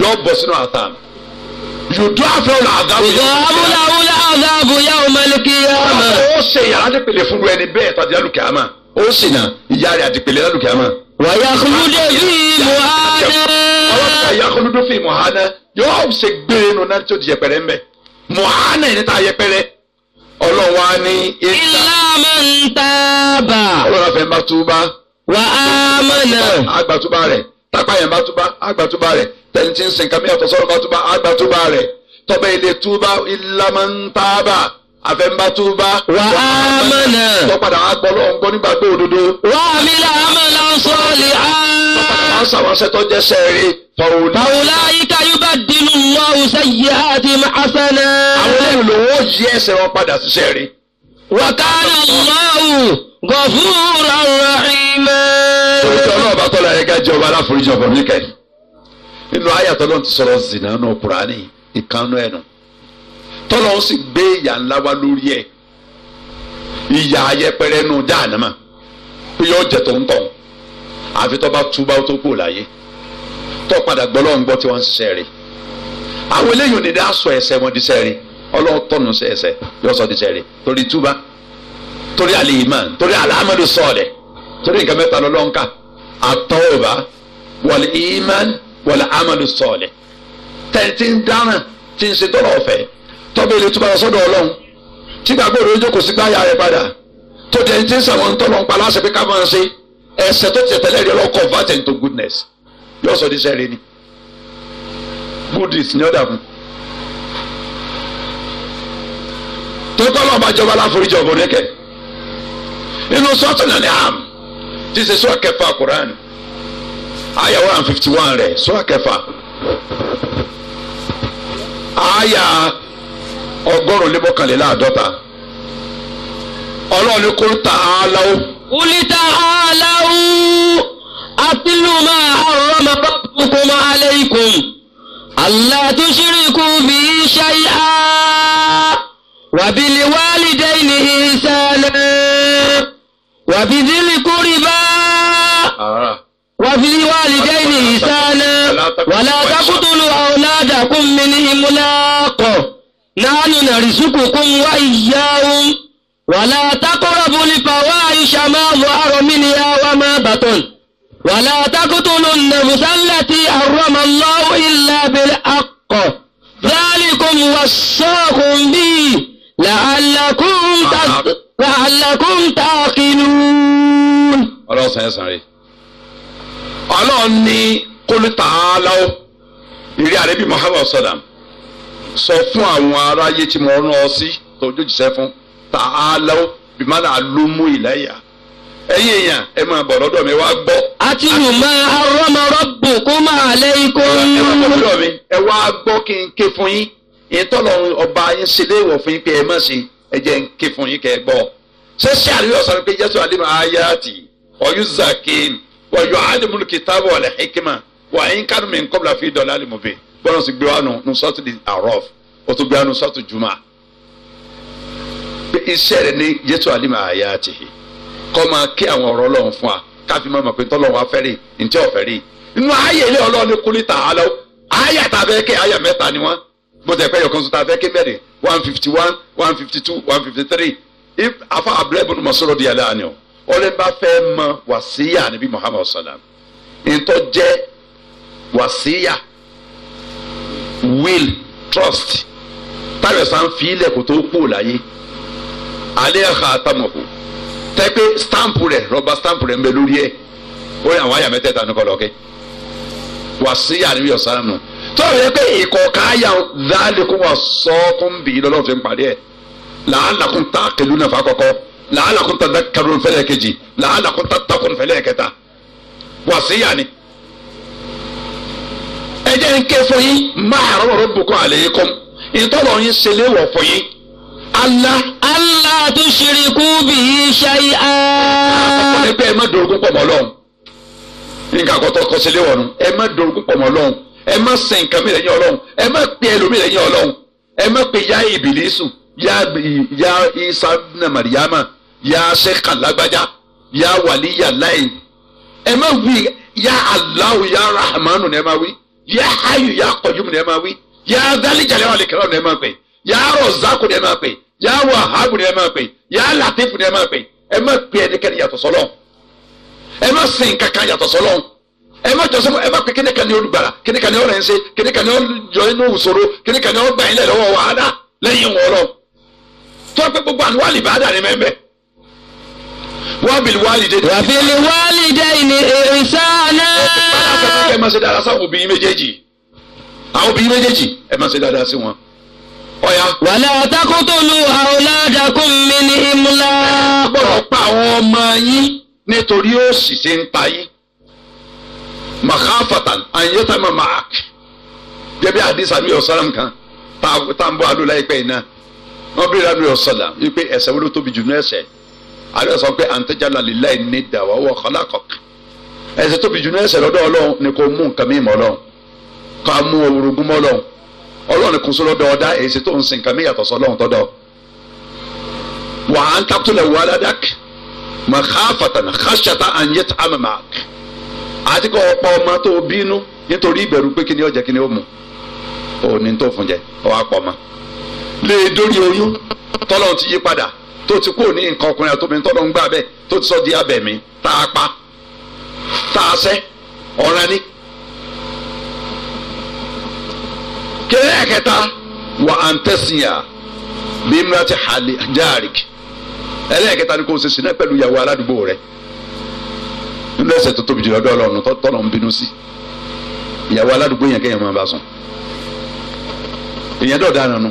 yóò bọ̀ sínú àtàm yòdó àfẹ́wò àdàbò yà wọ́n. ìdá abúláwúlá àdàbò yà wọ́n mẹ́lẹ́kì yà wọ́n. ó ṣe yàrá dìpele fún ẹni bẹ́ẹ̀ tàbí alùkẹ́ àmà ó sì nà ìyá rẹ̀ àdìpele alùkẹ́ àmà. wàyà kúlúdé fi mùhánà. wàyà kúlúdé fi mùhánà yóò ṣe gbére nù náà tó di yẹpẹrẹ mbẹ mùhánà yìí ta yẹpẹrẹ ọlọ́wà ni. ìlànà ń tàbà. ọlọ́wà fẹ́ bá túbá tẹni tí ń sìn kàmí àfọ̀sọ́rọ̀ bá túbà àgbà túbà rẹ̀ tọ́bẹ̀ ilé túbà ìlàmọ́ntàbà àfẹnbá túbà. wà á mọ̀nà. tọ́padà á gbọ́ lọ́wọ́ ń gbọ́ nígbà gbé òdodo. wà á mi là á mọ̀ là ń sọ lè á. tọ́padà á sàwọn aṣẹ́ tó jẹ́ sẹ́ẹ̀rì. fàwùlá yíká yóò bá dínú wọn ò sẹ́yìn àti àfẹnà. àwọn olùlówó yí ẹsẹ̀ wọn padà sí sẹ́ẹ̀rì. wà nínú àyà tọ́lọ́ ti sọ̀rọ̀ zina náà kúránì ìkànnú ẹ̀ nù tọ́lọ́ sì gbé ìyà ńlá wá lórí ẹ̀ ìyà ayẹpẹrẹ nù jáànámà pé yọ jẹ tó ń tọ̀ àfi tọ́ bá túbá tó kù láyé tọ́ padà gbọ́ lọ́n gbọ́ tí wọ́n ń ṣiṣẹ́ rẹ̀ àwọn eléyìí ò ní dá sọ ẹsẹ̀ wọn díṣẹ́ rẹ̀ ọlọ́run tọ̀nù yọ sọ díṣẹ́ rẹ̀ torí túbá torí al torí al-amalu torí nǹkan mẹ́ta lọ́lọ́ńkà àtọ́wọ̀bá wal-iman wọlé amadu sọọlẹ tẹ̀tí ń dáná tí ń ṣe tọ́lọ̀ ọ̀fẹ́ tọ́bí ilé túbọ̀ sọ́dọ̀ ọlọ́run tí gbàgbọ́ rẹ̀ ojókòó sí gbáyà rẹ̀ padà tó tẹ̀ ń tí ń sàwọn tọ́lọ̀ ń pa láṣẹ pé ká máa ṣe ẹsẹ̀ tó tẹ̀ tẹ́lẹ̀ rẹ̀ lọ́kọ̀ convert into goodness yóò sọ díṣẹ́ rẹ̀ ni goodness ni ó dà fún. tó tọ́lọ̀ bá jọba láforíjọ ọ̀bọ̀n rẹ̀ kẹ̀ inú sọ́tún náà ni ham ti ṣe sọ́ọ̀kẹ́fà kúránì aya one fifty one rẹ̀ sura kẹfà aya ọgọ́rùn-ún lé mọ́kànléláàádọ́ta ọlọ́run ní kó ta á láwọ́. kúlítà á láwọ́ àtìlú máa àrùn ọmọ bọ́ọ̀bù kó máa alaykum allah tushriku bi shay'a wa bil walidayni ihsana wa bi dhil qurba. Ah. وفي الوالدين إحسانا ولا تقتلوا أولادكم من إملاق نحن نرزقكم وإياهم ولا تقربوا الفواحش ما ظهر منها وما بطن ولا تقتلوا النفس التي حرم الله إلا بالحق ذلكم وصاكم به لعلكم تت... لعلكم تعقلون. ọlọ́run ní kólítà aláwọ̀ ìrí àrẹ́bí muhammad sọ fún àwọn aráyé tí mo rán ọ sí tó fún tà aláwọ̀ bimana alomu ìlẹ́yà ẹ̀yin èèyàn ẹ máa bọ̀ lọ́dọ̀ mi wá gbọ́. àti ìmọ̀ arọ́mọrọ́bù kó máa lé ikú. ẹ máa bọ̀ lọ́dọ̀ mi ẹ wá gbọ́ kí n ké fún yín ọba yín ṣe léèwọ̀ fún yín pé ẹ má ṣe ẹ jẹ́ ké fún yín kẹ́ ẹ gbọ́. ṣé sọ pé jésù ayati wàjú alimul kitaaba wal hikima wà á yín kánú mi nkọ́ bila fi dọ̀lá limu bi bọ́lá sì gbé wa nù nù sọ́tù di àrọ́f o tún gbé wa nù sọ́tù juma iṣẹ́ rẹ̀ ni yéṣu alimu àyà ti hi kọ́ máa kí àwọn ọ̀rọ̀ lọ́wọ́ fún wa káfí máa mọ̀ pé tọ́lọ́wọ́ afẹ́rẹ́ ntí ọ̀fẹ́rẹ́ inú ayé ilé ọlọ́ọ̀ni kúlí tà á lọ ayé àtàfẹ́ kí ayé mẹ́ta ni wọ́n bó tẹ̀ pé yọkan sọ́tà afẹ́ kí mẹ́rin one fifty one one fifty two one fifty three if afa abúlé bọ́dún mọ̀ di yàrá ni ọlẹ́ bá fẹ́ mọ wàsíyà níbi muhammadu sallam ntọ́ jẹ́ wàsíyà will trust táyọ̀ sàn fi ilẹ̀ kó tó kú láyé alẹ́ ẹ̀ka àtàmọ̀kù tẹ́pẹ́ stampu rẹ̀ rọ́bà stampu rẹ̀ ń bẹ lórí ẹ̀ ó yẹ àwọn àyà mẹ́tẹ̀ẹ̀ta ní kọlọ́kẹ́ wàsíyà níbi ọ̀sán nù tọ́wọ́ yẹ pé ìkọ̀ọ̀ká yà dáadé kó wà sọ́ọ́kùn bìí lọ́lọ́run fi ń parí ẹ̀ làálàkùn tààkìlú náà fà kọ́kọ́ làálàkùn tàdá karùn fẹlẹ kejì làálàkùn tàtàkùn fẹlẹ kẹta wàsíyà ni. ẹ jẹ́ ń ké fún yín máa rọ̀rọ̀ bùkún àlẹ́ yìí kọ́ ìtọ́lọ̀ yín ṣe léwọ̀ fún yín. Allah. Allah tó ṣeré kú bí ṣayé á. àkọ́kọ́ ni pé ẹ má dorogún pọ̀ mọ́ lọ́hùn nǹkan àkọ́tọ́ kọ́ ṣe léwọ̀ nù ẹ má dorogún pọ̀ mọ́ lọ́hùn ẹ má sin nǹkan mi lẹ́yìn ọlọ́hùn ẹ má pe ẹlòmí lẹ́yìn ọlọ́hùn ẹ má pe yá ìbìlísù yá ìsá nàmàríyámà ya sẹ́kà lágbájá ya wàlí ya láì ẹ má wí ya aláwo ya rahamanu ni ẹ má wí ya hayu ya kọjú ni ẹ má wí ya dálíjàlẹ̀ wà lẹ́kẹ̀rọ̀ ni ẹ má pè ya rọ̀zákù ni ẹ má pè ya wàhábù ni ẹ má pè ya latifu ni ẹ má pè ẹ má pè ẹnikẹ́ni yàtọ̀ sọ́lọ́ ẹ má sìn kankan yàtọ̀ sọ́lọ́ ẹ má jọ sẹ́kọ̀ ẹ má pe kíni kan ní olùgbàlà kíni kan ní ọ̀rẹ́ kíni kan ní ọjọ́ inú ìṣòro kíni kan ní ọgbà ilẹ̀ lẹ́yìn wọn lọ. gbogbo àníwá lè bá dà ní mẹ́mẹ́ wábìlì wálì dé. wàbìlì wálì dé ní ìsáná. ẹ máa ṣe dáadáa sáwọn obìnrin méjèèjì àwọn obìnrin méjèèjì ẹ máa ṣe dáadáa sí wọn. ọ̀yà. wàlẹ́ ọ̀tákùtùlù àwòládàkùn mi ní ìmúlá. gbọ́dọ̀ pa àwọn ọmọ yín nítorí òṣì ṣe ń pa yín. màkàfàtà àyẹ̀tàmà màkì gẹ́gẹ́ bí àdìsá mi ọ̀sán kan tá a ń bọ́ àlọ́ láìpẹ́ iná wọ́n bí rami ọ̀sán là wípé ẹ̀ṣẹ̀ wo ló tóbi jù ní ẹ̀ṣẹ̀ àlọ́ sọ pé àǹtẹ̀jálà lílá ẹ̀ ní dàwọ́ wọ̀ kọ́lákọ̀k ẹ̀sẹ̀ tóbi jù ní ẹ̀ṣẹ̀ lọ́dọ̀ ọlọ́run ni kò mú nǹkan mímọ́ ọlọ́run ká mú orogún mọ́ ọlọ́run ọlọ́run kò sọ lọ́dọ̀ ọ̀dá èsì tó ń sin nǹkan mí yàtọ̀ sọ ọlọ́run tọ́dọ̀ wà á ń takùtulẹ̀ wà ládàk mà káfàtàn káṣàtà ànyẹ́t àmàmàk àti kọ́ ọ̀pọ̀ ọmọ tó bínú nítorí ìbẹ̀rù pé kíni ó jẹ kíni ó mu òní tó fún jẹ ọ̀ àpọ̀ ọmọ lè dórí oyún tọ́lọ́ ti yí padà tó ti kúrò ní nǹkan ọkùnrin àtòmí tọ́lọ́ ń gbà bẹ́ẹ̀ tó ti sọ di abẹ̀mí tá a pa tá a sẹ́ ọ̀ràn ni. kéré ẹ̀kẹta wà á ń tẹ̀síyà bí mìíràn ti hàlì jáàrìk ẹlẹ́ẹ̀kẹta ni kò ṣe sinẹ́ pẹ̀lú ìyàwó aládùúgbò rẹ̀ nínú ẹ̀ṣẹ̀ tó tóbi jùlọ dọ́ ọlọ́run tọ́lọ́ ń bínú sí ìyàwó aládùúgbò yẹn kéèyàn máa bá sùn èèyàn dọ̀ dáná nu.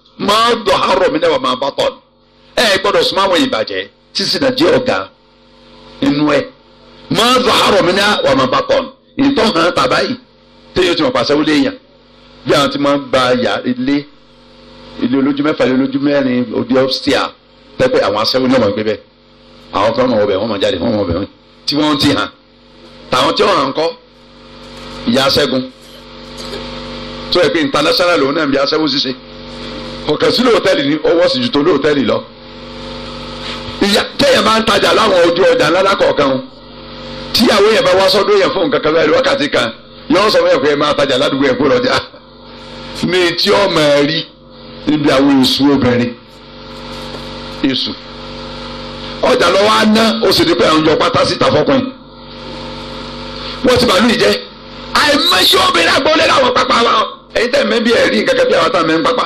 máa dọ̀ àárọ̀ mi náà wà máa bá tọ̀ ẹ gbọ́dọ̀ súnmọ́ àwọn ìbàjẹ́ sísè náà jẹ́ ọ̀gá inú ẹ̀ máa dọ̀ àárọ̀ mi náà wà máa bá tọ̀ ìtọ́ hàn tàbá yìí téèyàn ti mọ̀ pàṣẹ wọlé yàn bí àwọn ti máa ń gba yà ilé ilé olójú mẹ́fà ilé olójú mẹ́rin odi ọ́stíà tẹ́pẹ́ àwọn aṣẹ́wó ní ọmọ gbé bẹ́ẹ̀ àwọn kan mọ̀ ọbẹ̀ wọ́n mọ̀ jáde wọ́n mọ̀ ọbẹ̀ wọn tí wọ́n ti hàn tàwọn tí wọ́n hàn kọ́ ìyá aṣẹ́gun tó yẹ pé international lòun náà ń bí aṣẹ́wó ṣiṣẹ́ kọ̀ọ̀kan sí lóòtẹ́ẹ̀lì ni owó sì ju tó lóòtẹ́ẹ̀lì lọ. ìyá téèyàn máa ń tajà láwọn ojú ọjà ńlá kọ̀ọ̀kan o tíyàwó yẹn bá wá sọ́dọ̀ yẹn fún nǹkan kan lẹ́nu wákàtí kan yọ sọ fún yẹn pé ẹ máa tajà ládùúgbò yẹn kó lọ́jà ní etí ọmọ rí níbi àwọn èṣù obìnrin èṣù ọjà lọ́wọ́ á ná ó sì di pé àwọn ìjọ pátá síta fọkùnrin wọ́n ti bàálù ìjẹ́ àìmọ́ṣẹ́ obìnrin àgbọ̀lẹ́ làwọn pápá wa ẹ̀yin tẹ̀ mẹ́bí ẹ̀rí nǹkan kan bí àwọn táwọn mẹ́rin pápá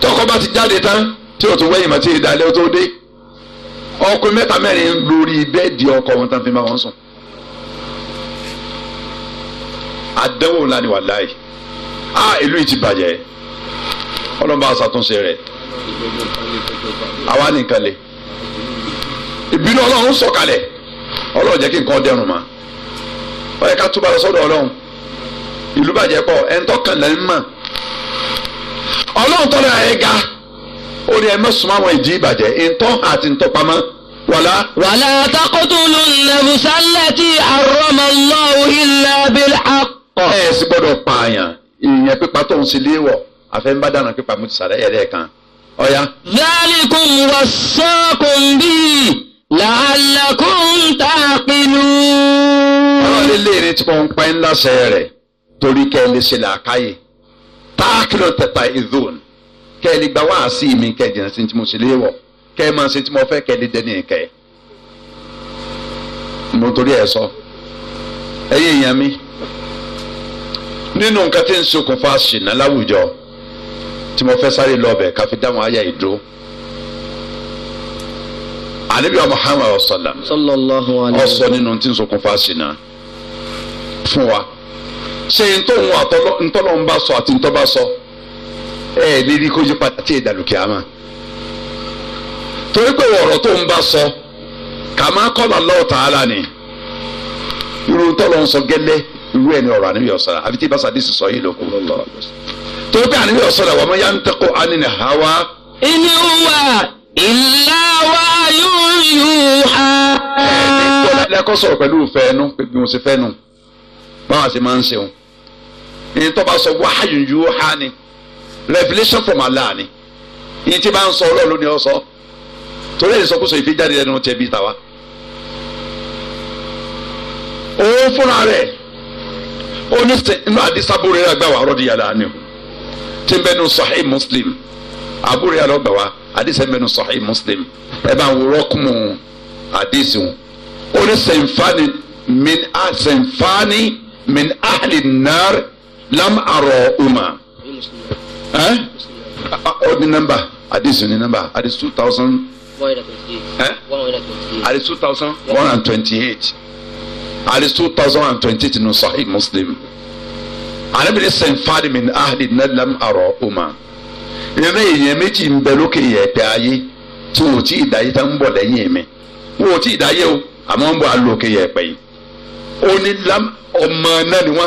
tọkọ bá ti jáde tán tí o tún wẹ́yìn mọ́ tí ìdálẹ́ tó dé ọkùnrin mẹ́ta mẹ́rin lórí bẹ́ẹ̀dì ọkọ wọn tán fi máa wọn sùn. àdánwò ńlá ni wàláhì á ìlú yìí ti bàjẹ́ ọlọ́mọba àṣàtúnṣe rẹ̀ àwa nìkan lè ìbínú ọlọ́run sọ̀kalẹ̀ ọlọ́run jẹ́ kí nǹkan dẹrùn ma ó yẹ ká túbọ̀ lọ sọ́dọ̀ ọlọ́run ìlú bàjẹ́ pọ̀ ẹ̀ńtọ́ kan lẹ́nu mọ̀ ọlọ́run tọ́lá ẹ̀ ga ó ní ẹ má súnmọ́ àwọn ìdí ìbàjẹ́ ìtọ́ àti ìtọ́pamọ́ wàlá. wàlá takotulu nàbùsálẹ́tì àrọ́mọlọ́wù ilẹ̀ abẹ́lẹ́ akọ. ẹ ẹ sì gbọ́dọ̀ pààyàn ìyẹn pípa tó ń sì léwọ àfẹnbádànà pípa mo ti sàrẹ́ ẹ̀rẹ́ kan ọ̀ya. zalikum wasaakum bi la'allakum taqilun. ọlọ́run lè lè retí pọ́npẹ́ ńlá sẹ́rẹ̀ torí kẹ́ ẹ lè ṣe làákàyè táàkìlọ̀ tẹ̀tà ìdùn kẹ́ ẹ lè gba wáàsí mi kẹ́ ẹ jìnnà sí ti mo ṣe léwọ̀ kẹ́ ẹ máa ṣe tí mo fẹ́ kẹ́ ẹ lè dẹ́ni ìkẹ́ ẹ. mo torí ẹ sọ ẹyẹ èèyàn mi nínú nǹkan tí ń ṣokùnfà ṣìnà láwùjọ tí mo fẹ́ sáré lọ bẹ̀ káfí dáhùn ayé ìdúró anabi muhammad sallallahu alaihi wasallam ọsọ nínú tí ń ṣokùnfà ṣìnà fún wa. ṣe ntòun àtọ́lọ́ ntọ́lọ́ ń sọ àti ntọ́ sọ ẹ ẹ lérí kó yí padà ìdàlùkì àmà torí pé ọ̀rọ̀ tó ń bá sọ ni irú ntọ́lọ́ sọ gẹ́lẹ́ irú ẹni ọ̀rọ̀ àníbi ọ̀sọ̀rọ̀ àbí tí ibà sàdí sísọ yìí ló kú torí pé àníbi ọ̀sọ̀rọ̀ wa ha. ní tó bá sọ wáhàyùn yóò há ni revelation from Allah ni ní tí bá ń sọ ọlọ́ọ̀lù ni ọ sọ torí ẹ̀ sọkúsọ ìfijáde lẹ́nu tiẹ̀ bí tàwa. òun fúnra rẹ̀ ó ní inú àdìsá búrẹ́ rẹ̀ gbà wá ọ̀rọ̀ díyàlá ni o tí ń bẹnu Sahih Muslim àbúrò yàrá ọgbà wa àdìsá ń bẹnu Sahih Muslim ẹ bá wò rọ́kùnmù àdìsí wọn ó ní sẹ̀ǹfààní min ahli nar. lam arọ uma eh uh, uh, odd number hadith ni number hadith two thousand eh two thousand one and muslim fadi na lam arọ uma ìyẹmẹ ìyẹn méjì ń bẹ lókè yẹpẹ ayé tí wò ó tí ì dáyé tá ń bọ̀ lẹ́yìn mi wò ó lam ọmọ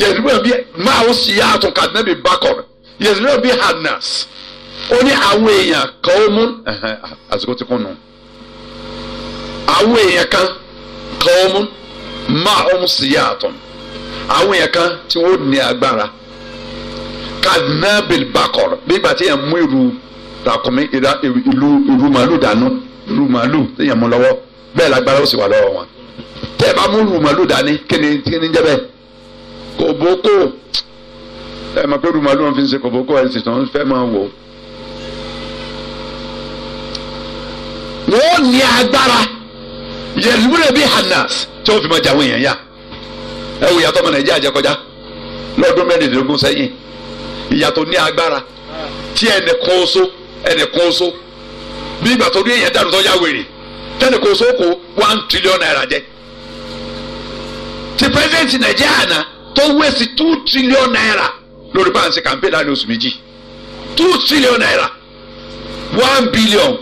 yɛdwuma bi mmaa wo si yɛ ato kadena bi ba kɔ yɛdwuma bi ha nas ó ní àwọn èèyàn kan ó mú àsìkò tí kò nù àwọn èèyàn kan kan ó mú mmaa ó mú si yɛ ato àwọn èèyàn kan tí wọ́n ní agbára kadena bi ba kɔ bí gbà tí yẹn mú irú takumi ìlú ìlú màálù dànù ìlú màálù tí yẹn mú lọ́wọ́ bẹ́ẹ̀ lágbára ó sì wà lọ́wọ́ wọn tẹ́ ẹ bá mú ìlú màálù dání kí ni kí ni jẹ́ bẹ́ẹ̀ kòbókò ẹ mọ̀ pé rúmọ̀ ló ń fi ṣe kòbókò ẹ̀ sì tán fẹ́ máa wò. wọ́n ní agbára yẹ̀lúrẹ̀ bíi hanas tí wọ́n fi máa jàwé yẹn yá ẹ wò ìyàtọ̀ ọmọ nàìjíríà jẹ kọjá lọ́dún mẹ́rìndínlógún sẹ́yìn ìyàtọ̀ ní agbára tí ẹnì kan oṣó ẹnì kan oṣó bí ìgbà tó rí èèyàn dànù tó yá wèrè tẹ́nì kan oṣó kó one trillion naira jẹ ti pẹ́sidẹ̀ntì nàìjíríà náà tó wéṣì two trillion naira lórí bá ń ṣe campaign láàrin oṣù méjì two trillion naira one billion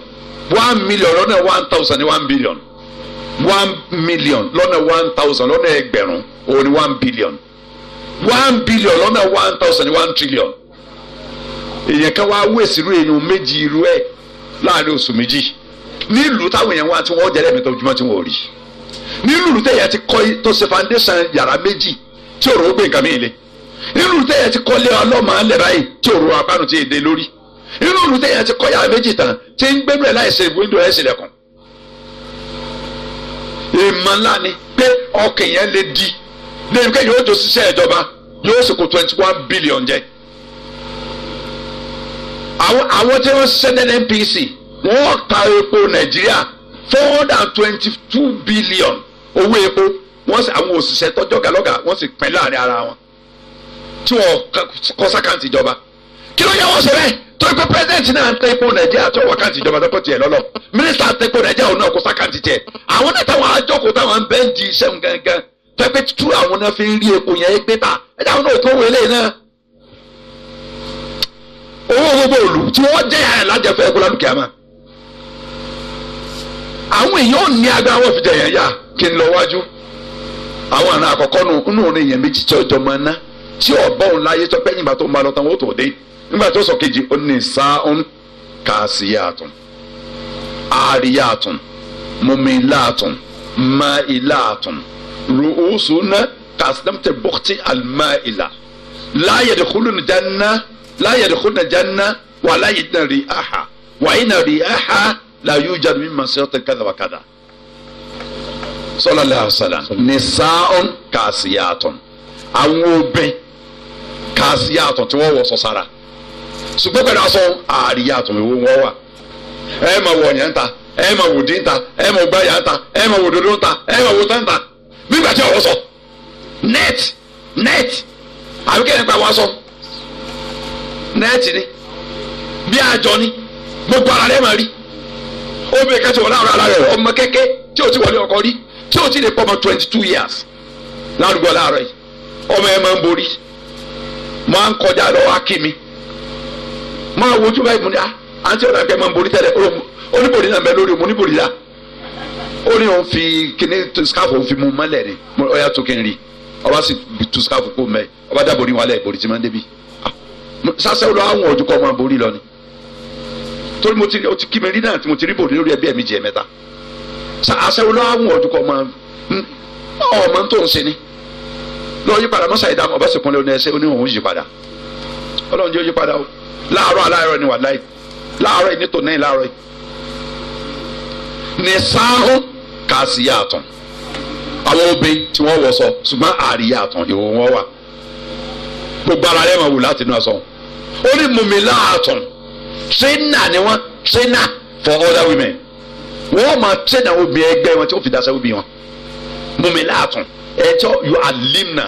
one million lọ́nà one thousand one billion one million lọ́nà one thousand lọ́nà ẹgbẹ̀rún òun ni one billion one billion lọ́nà one thousand ní one trillion èèyàn kan wá wéṣì irú èèyàn méjì irú ẹ̀ láàrin oṣù méjì nílùú táwọn èèyàn wá tí wọ́n jẹ́ lẹ́mìtọ́ ojúmọ́ tí wọ́n rí nílùú tẹ̀yà ti kọ́ tó ṣe foundation yàrá méjì tí òrò ó gbé nǹkan mi le nínú tẹ̀yẹ ti kọ́lé ọlọ́mọ alẹ́ báyìí tí òrò abánu ti dé lórí nínú tẹ̀yẹ ti kọ́yà méjì tán tí ń gbẹ́nu ẹ̀ láì ṣe wíńdò ẹ̀ sílẹ̀kùn èèmọ̀ ńlá ni pé ọkàn yẹn lè di lẹ́yìn kẹ́yìn ó jọ ṣiṣẹ́ ìjọba yóò sì kó twenty one billion jẹ àwọn àwọn tí wọ́n ṣiṣẹ́ ní NNPC wọ́n ta epo Nàìjíríà four hundred and twenty two billion owó epo wọ́n sì àwọn òṣìṣẹ́ tọ́jọ́ galọ́gà wọ́n sì pín láàrin ara wọn tí wọ́n kọ́ sákàǹtì ìjọba kí ló yẹ wọ́n ṣe bẹ́ẹ̀ torí pé president náà ń tẹ ipò nàìjíríà tó wọ káàtì ìjọba tó kọ tiẹ̀ lọ́lọ́ mínísítà ń tẹ ipò nàìjíríà òun náà kó sákàǹtì tiẹ̀ àwọn náà táwọn àjọkò táwọn ń bẹ́ẹ̀ di iṣẹ́ òun gangan tẹ́gbẹ́ tú àwọn náà fi ń rí epo yẹn gbé ta ẹ̀dá àwọn náà tó wọ eléyìí náà owó gbogbo òlu tí wọ́n jẹ́ yàrá lájẹfẹ́ ẹ̀kọ́ lálùkìá máa àwọn èèyàn ò ní agbára wọn fi jẹ̀yàn yá kí n lọ wájú àwọn àna àkọ́kọ́ nù nínú òun èèyàn méjì tí ọjọ́ máa ná tí ọ̀bọ̀ òun láyé tó pẹ́ yìnbà tó ń bá lọ tán wọ́n tó dé nígbà tó sọ kejì ó ní sáún kàásìyàtún àríyàtún mùmílàtún máìlàtún rùúsùnà kàsídàmtẹ bọ́tì àlmáìlà láyé dẹkùlù nìjánná láyé dẹkùlù nìjánná wà láyé dẹrí àhà wà yìí nà rí àhà làyé ojà mi mà sí ọ̀tẹ̀ kàdàbàkàdà sallallahu alaihi wasallam nisaun kaasiyatun àwọn obìnrin kaasiyatun tí wọ́n wọ̀ sọ sára ṣùgbọ́n pẹ̀lú aṣọ àríyàtun ìwọ wọn wà ẹ máa wọ ọ̀yàn ta ẹ máa wò dín ta ẹ máa gbá yà ta ẹ máa wò dodo ta ẹ máa wò tán ta nígbà tí ọ̀wọ́ sọ net net àbí kẹ́hìn pa wọ́n sọ net ni bí àjọ ni gbogbo ara rẹ̀ máa rí obìnrin kẹ́tù wọ́n láwọn ara rẹ̀ ọmọ kékeré tí o ti wọlé ọkọ rí tí o ti lè pọ̀ ọmọ twenty two years ládùúgbò láàárọ̀ yìí ọmọ ẹ máa ń borí máa ń kọjá lọ wá kí mi máa wojú báyìí mo ní ah àǹtí ọ̀nà kẹ́ máa ń borí tẹ́lẹ̀ oníbòrí náà bẹ lórí oníbòrí la ó ní òun fi kíní skáfù òun fi mú mọ́lẹ̀ ni ọ̀yà tó kí n rí ọba sì tu skáfù kó mẹ́ ọba dábò ní wàhálà ìbòrí tí máa ń débi ah, sásẹ́ lọ àwọn ojú kọ́ máa borí lọ ni torí mo ti rí bòrí lórí ẹbí ẹ̀mí jẹ mẹ́ta aṣẹ́wó lọ́wọ́ àwọn ọ̀dùkọ̀ ọmọ ọmọ tó ń ṣe ni lọ́ọ́ yípadà mọ́sá ìdáhùn ọba ṣèkúnlẹ̀ ọ̀nà ẹ̀ṣẹ́ oníhùn yípadà ọlọ́run jẹ́ yípadà o láàárọ̀ aláàárọ̀ ni wà láì ni yìí nítorí náà láàárọ̀ yìí ní sáhùn kàásì yàtọ̀ àwọn obìnrin tí wọ́n wọ̀ sọ ṣùgbọ́n àárí yàtọ̀ ìwò wọn wà gbogbo ara rẹ̀ máa wù láti inú aṣọ ó ní mùmí láàtọ̀ trainer ni wọ́n trainer for other women wọ́n máa tẹ́ náà obìnrin ẹgbẹ́ wọn tí ó fi dasẹ́ obìnrin wọn mumi laatun ẹ̀tọ́ yu alimna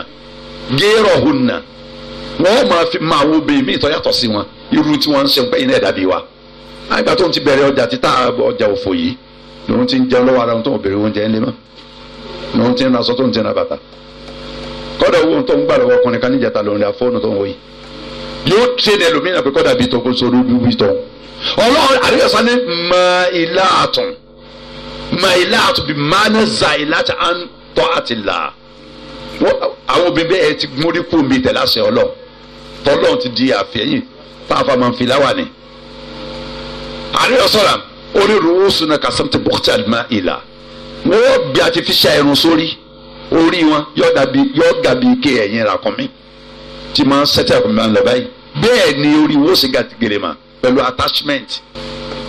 géèrò hunna wọ́n máa fi máa wo bẹ́ẹ̀ mí ìtọ́yàtọ̀ sí wọn irú tí wọ́n ń sẹ́wọ́n pẹ́yìn náà dàbí wa àgbà tó ń ti bẹ̀rẹ̀ ọjà títà ọjà òfò yìí lòun ti ń jẹun lọ́wọ́ ara wọn tó ń bèrè oúnjẹ ńlẹ́ mọ́ lòun ti ń raṣọ tó ń ti ń ra bàtà kọ́dọ̀ owó tó ń gbà lọ́wọ́ ọkùnrin kan níjàta lòun ra tó ń wòye yóò tẹ̀lé ẹlòmíràn pé kọ́dà bíi tó kó sórí wíwí tó ọlọ́run àríyànsá ní mọ ilé àtún mailat bi mana zailat an tọ́ àti là àwọn obìnrin bẹ́ẹ̀ ti mórí kú mi tẹ̀lé àṣẹ ọlọ́ tọ́lọ́ ti di àfẹ́yìn fáfá máa ń fi láwà ni. àárẹ̀ ọ̀sọ́ra orí rúwúsù náà kàsán ti bọ́ọ̀tì àlùmá ìlà wọ́n bí a ti fi ṣe irun sórí orí wọn yóò dàbí ike ẹ̀yìn ràkúnmí tí máa ń sẹ́tẹ̀ ràkúnmí máa ń lọ báyìí bẹ́ẹ̀ ni orí wọ́n sì gàtìgèrè mà pẹ̀lú attachment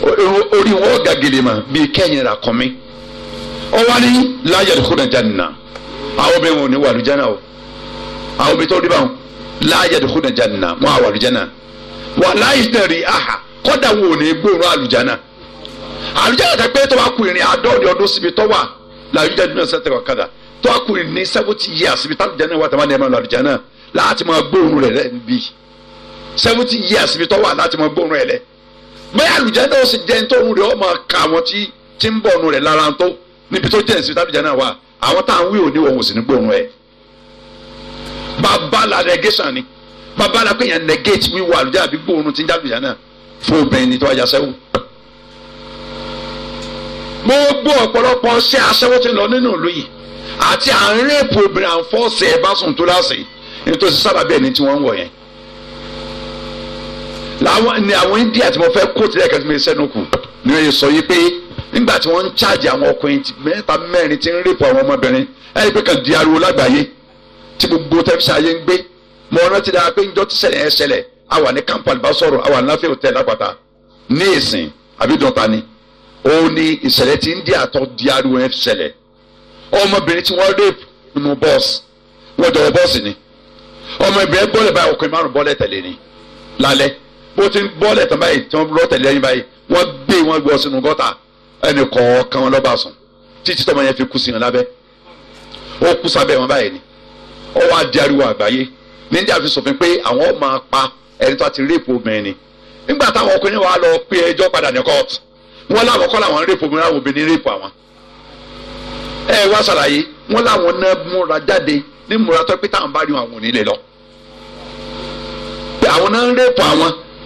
orí wọn ọ̀gá gèlè mà bíi kẹ́yìn rà kọ́mí ọwọ́ ni láyà dùkúnà jàǹnà àwọn obìnrin wọn ò ní wà o àwọn obìnrin tó rí báwọn láyà dùkúnà jàǹnà wọn à wà lùjánà wà láyì tẹ̀rí àhà kọ́dà wọn ò ní gbóòórùn àlùjánà àlùjánà tẹ pé tó bá kú ìrìn àádọ́rin ọdún síbi tó wà làlùjánà dùnà sẹ́tẹ̀ kọ̀kadà tó bá kú ìrìn ní seventy years síbi tàlùjánà wà tàwọn ẹ̀ma làlùjánà láti máa gbóòórùn rẹ̀ rẹ̀ seventy years síbi tó wà láti máa gbóòórùn rẹ̀ rẹ̀ bẹ́ẹ̀ àlùjáde ó sì jẹ́ ní rẹ̀ ó ka àwọn tí tí ń bọ̀ ọ̀nù rẹ̀ lára tó níbi tó jẹ́ ìsìn tábìjà náà wà àwọn tá à ń wí òní òun sì ní ẹ̀. bàbá la negation ni bàbá la pé yẹn negate àbí gbóòórùn tí ń jábìjà náà fún obìnrin ni tó wájà sẹ́wù. ọ̀pọ̀lọpọ̀ ṣé aṣẹ́wó ti lọ nínú ìlú yìí àti à ń obìnrin à ń fọ́ọ̀sì àwọn ni àwọn india tí mo fẹ́ kó tilẹ̀ kẹ́tí mi sẹ́nu kù ni wọ́n sọ yìí pé nígbà tí wọ́n ń charge àwọn ọkùnrin mẹ́ta mẹ́rin tí ń rèpọ̀ àwọn ọmọbìnrin ẹ̀rí pé kàn di ariwo lágbàáyé tí gbogbo tẹ́físà ayé ń gbé mo rántí dára pé njọ́ tí ṣẹlẹ̀ ẹ ṣẹlẹ̀ a wà ní camp alibasoro a wà ní láfẹ́ hotel lápáta ní ìsìn àbídọ́ta ni ó ní ìṣẹ̀lẹ̀ tí india tó di ariwo yẹn ṣẹlẹ̀ ọmọbìnrin tí wọ́n rèpù nínú bọ́ọ̀sì wọ́n jọ̀wọ́ bọ́ọ̀sì ni ọmọbìnrin bọ́ọ̀lẹ̀ báyìí ọkùnrin márùn-ún bọ́ọ̀lẹ̀ tẹ̀lé ni lálẹ́ bó ti ń bọ́lẹ̀ tán báyìí tí wọ́n lọ tẹ̀lé ẹyin báyìí wọ́n gbé wọn gbọ́ sínú gọ́tà ẹnì kọ̀ọ̀kan wọn lọ́ba sùn títí tọmọ yẹn fi kú sí wọn lábẹ́ ó kú sábẹ́ wọn báyìí ni ó wá di ariwo àgbáyé níjà fi sòfin pé àwọn máa pa ẹni tó ti réèpù obìnrin ni nígbà táwọn ọkùnrin wa lọ pé ẹjọ́ padà ní kóòtù wọn láwọn kọ́ làwọn réèpù obìnrin àwọn obìnrin réèpù àwọn ẹ wá ṣàlàyé wọn làwọn náà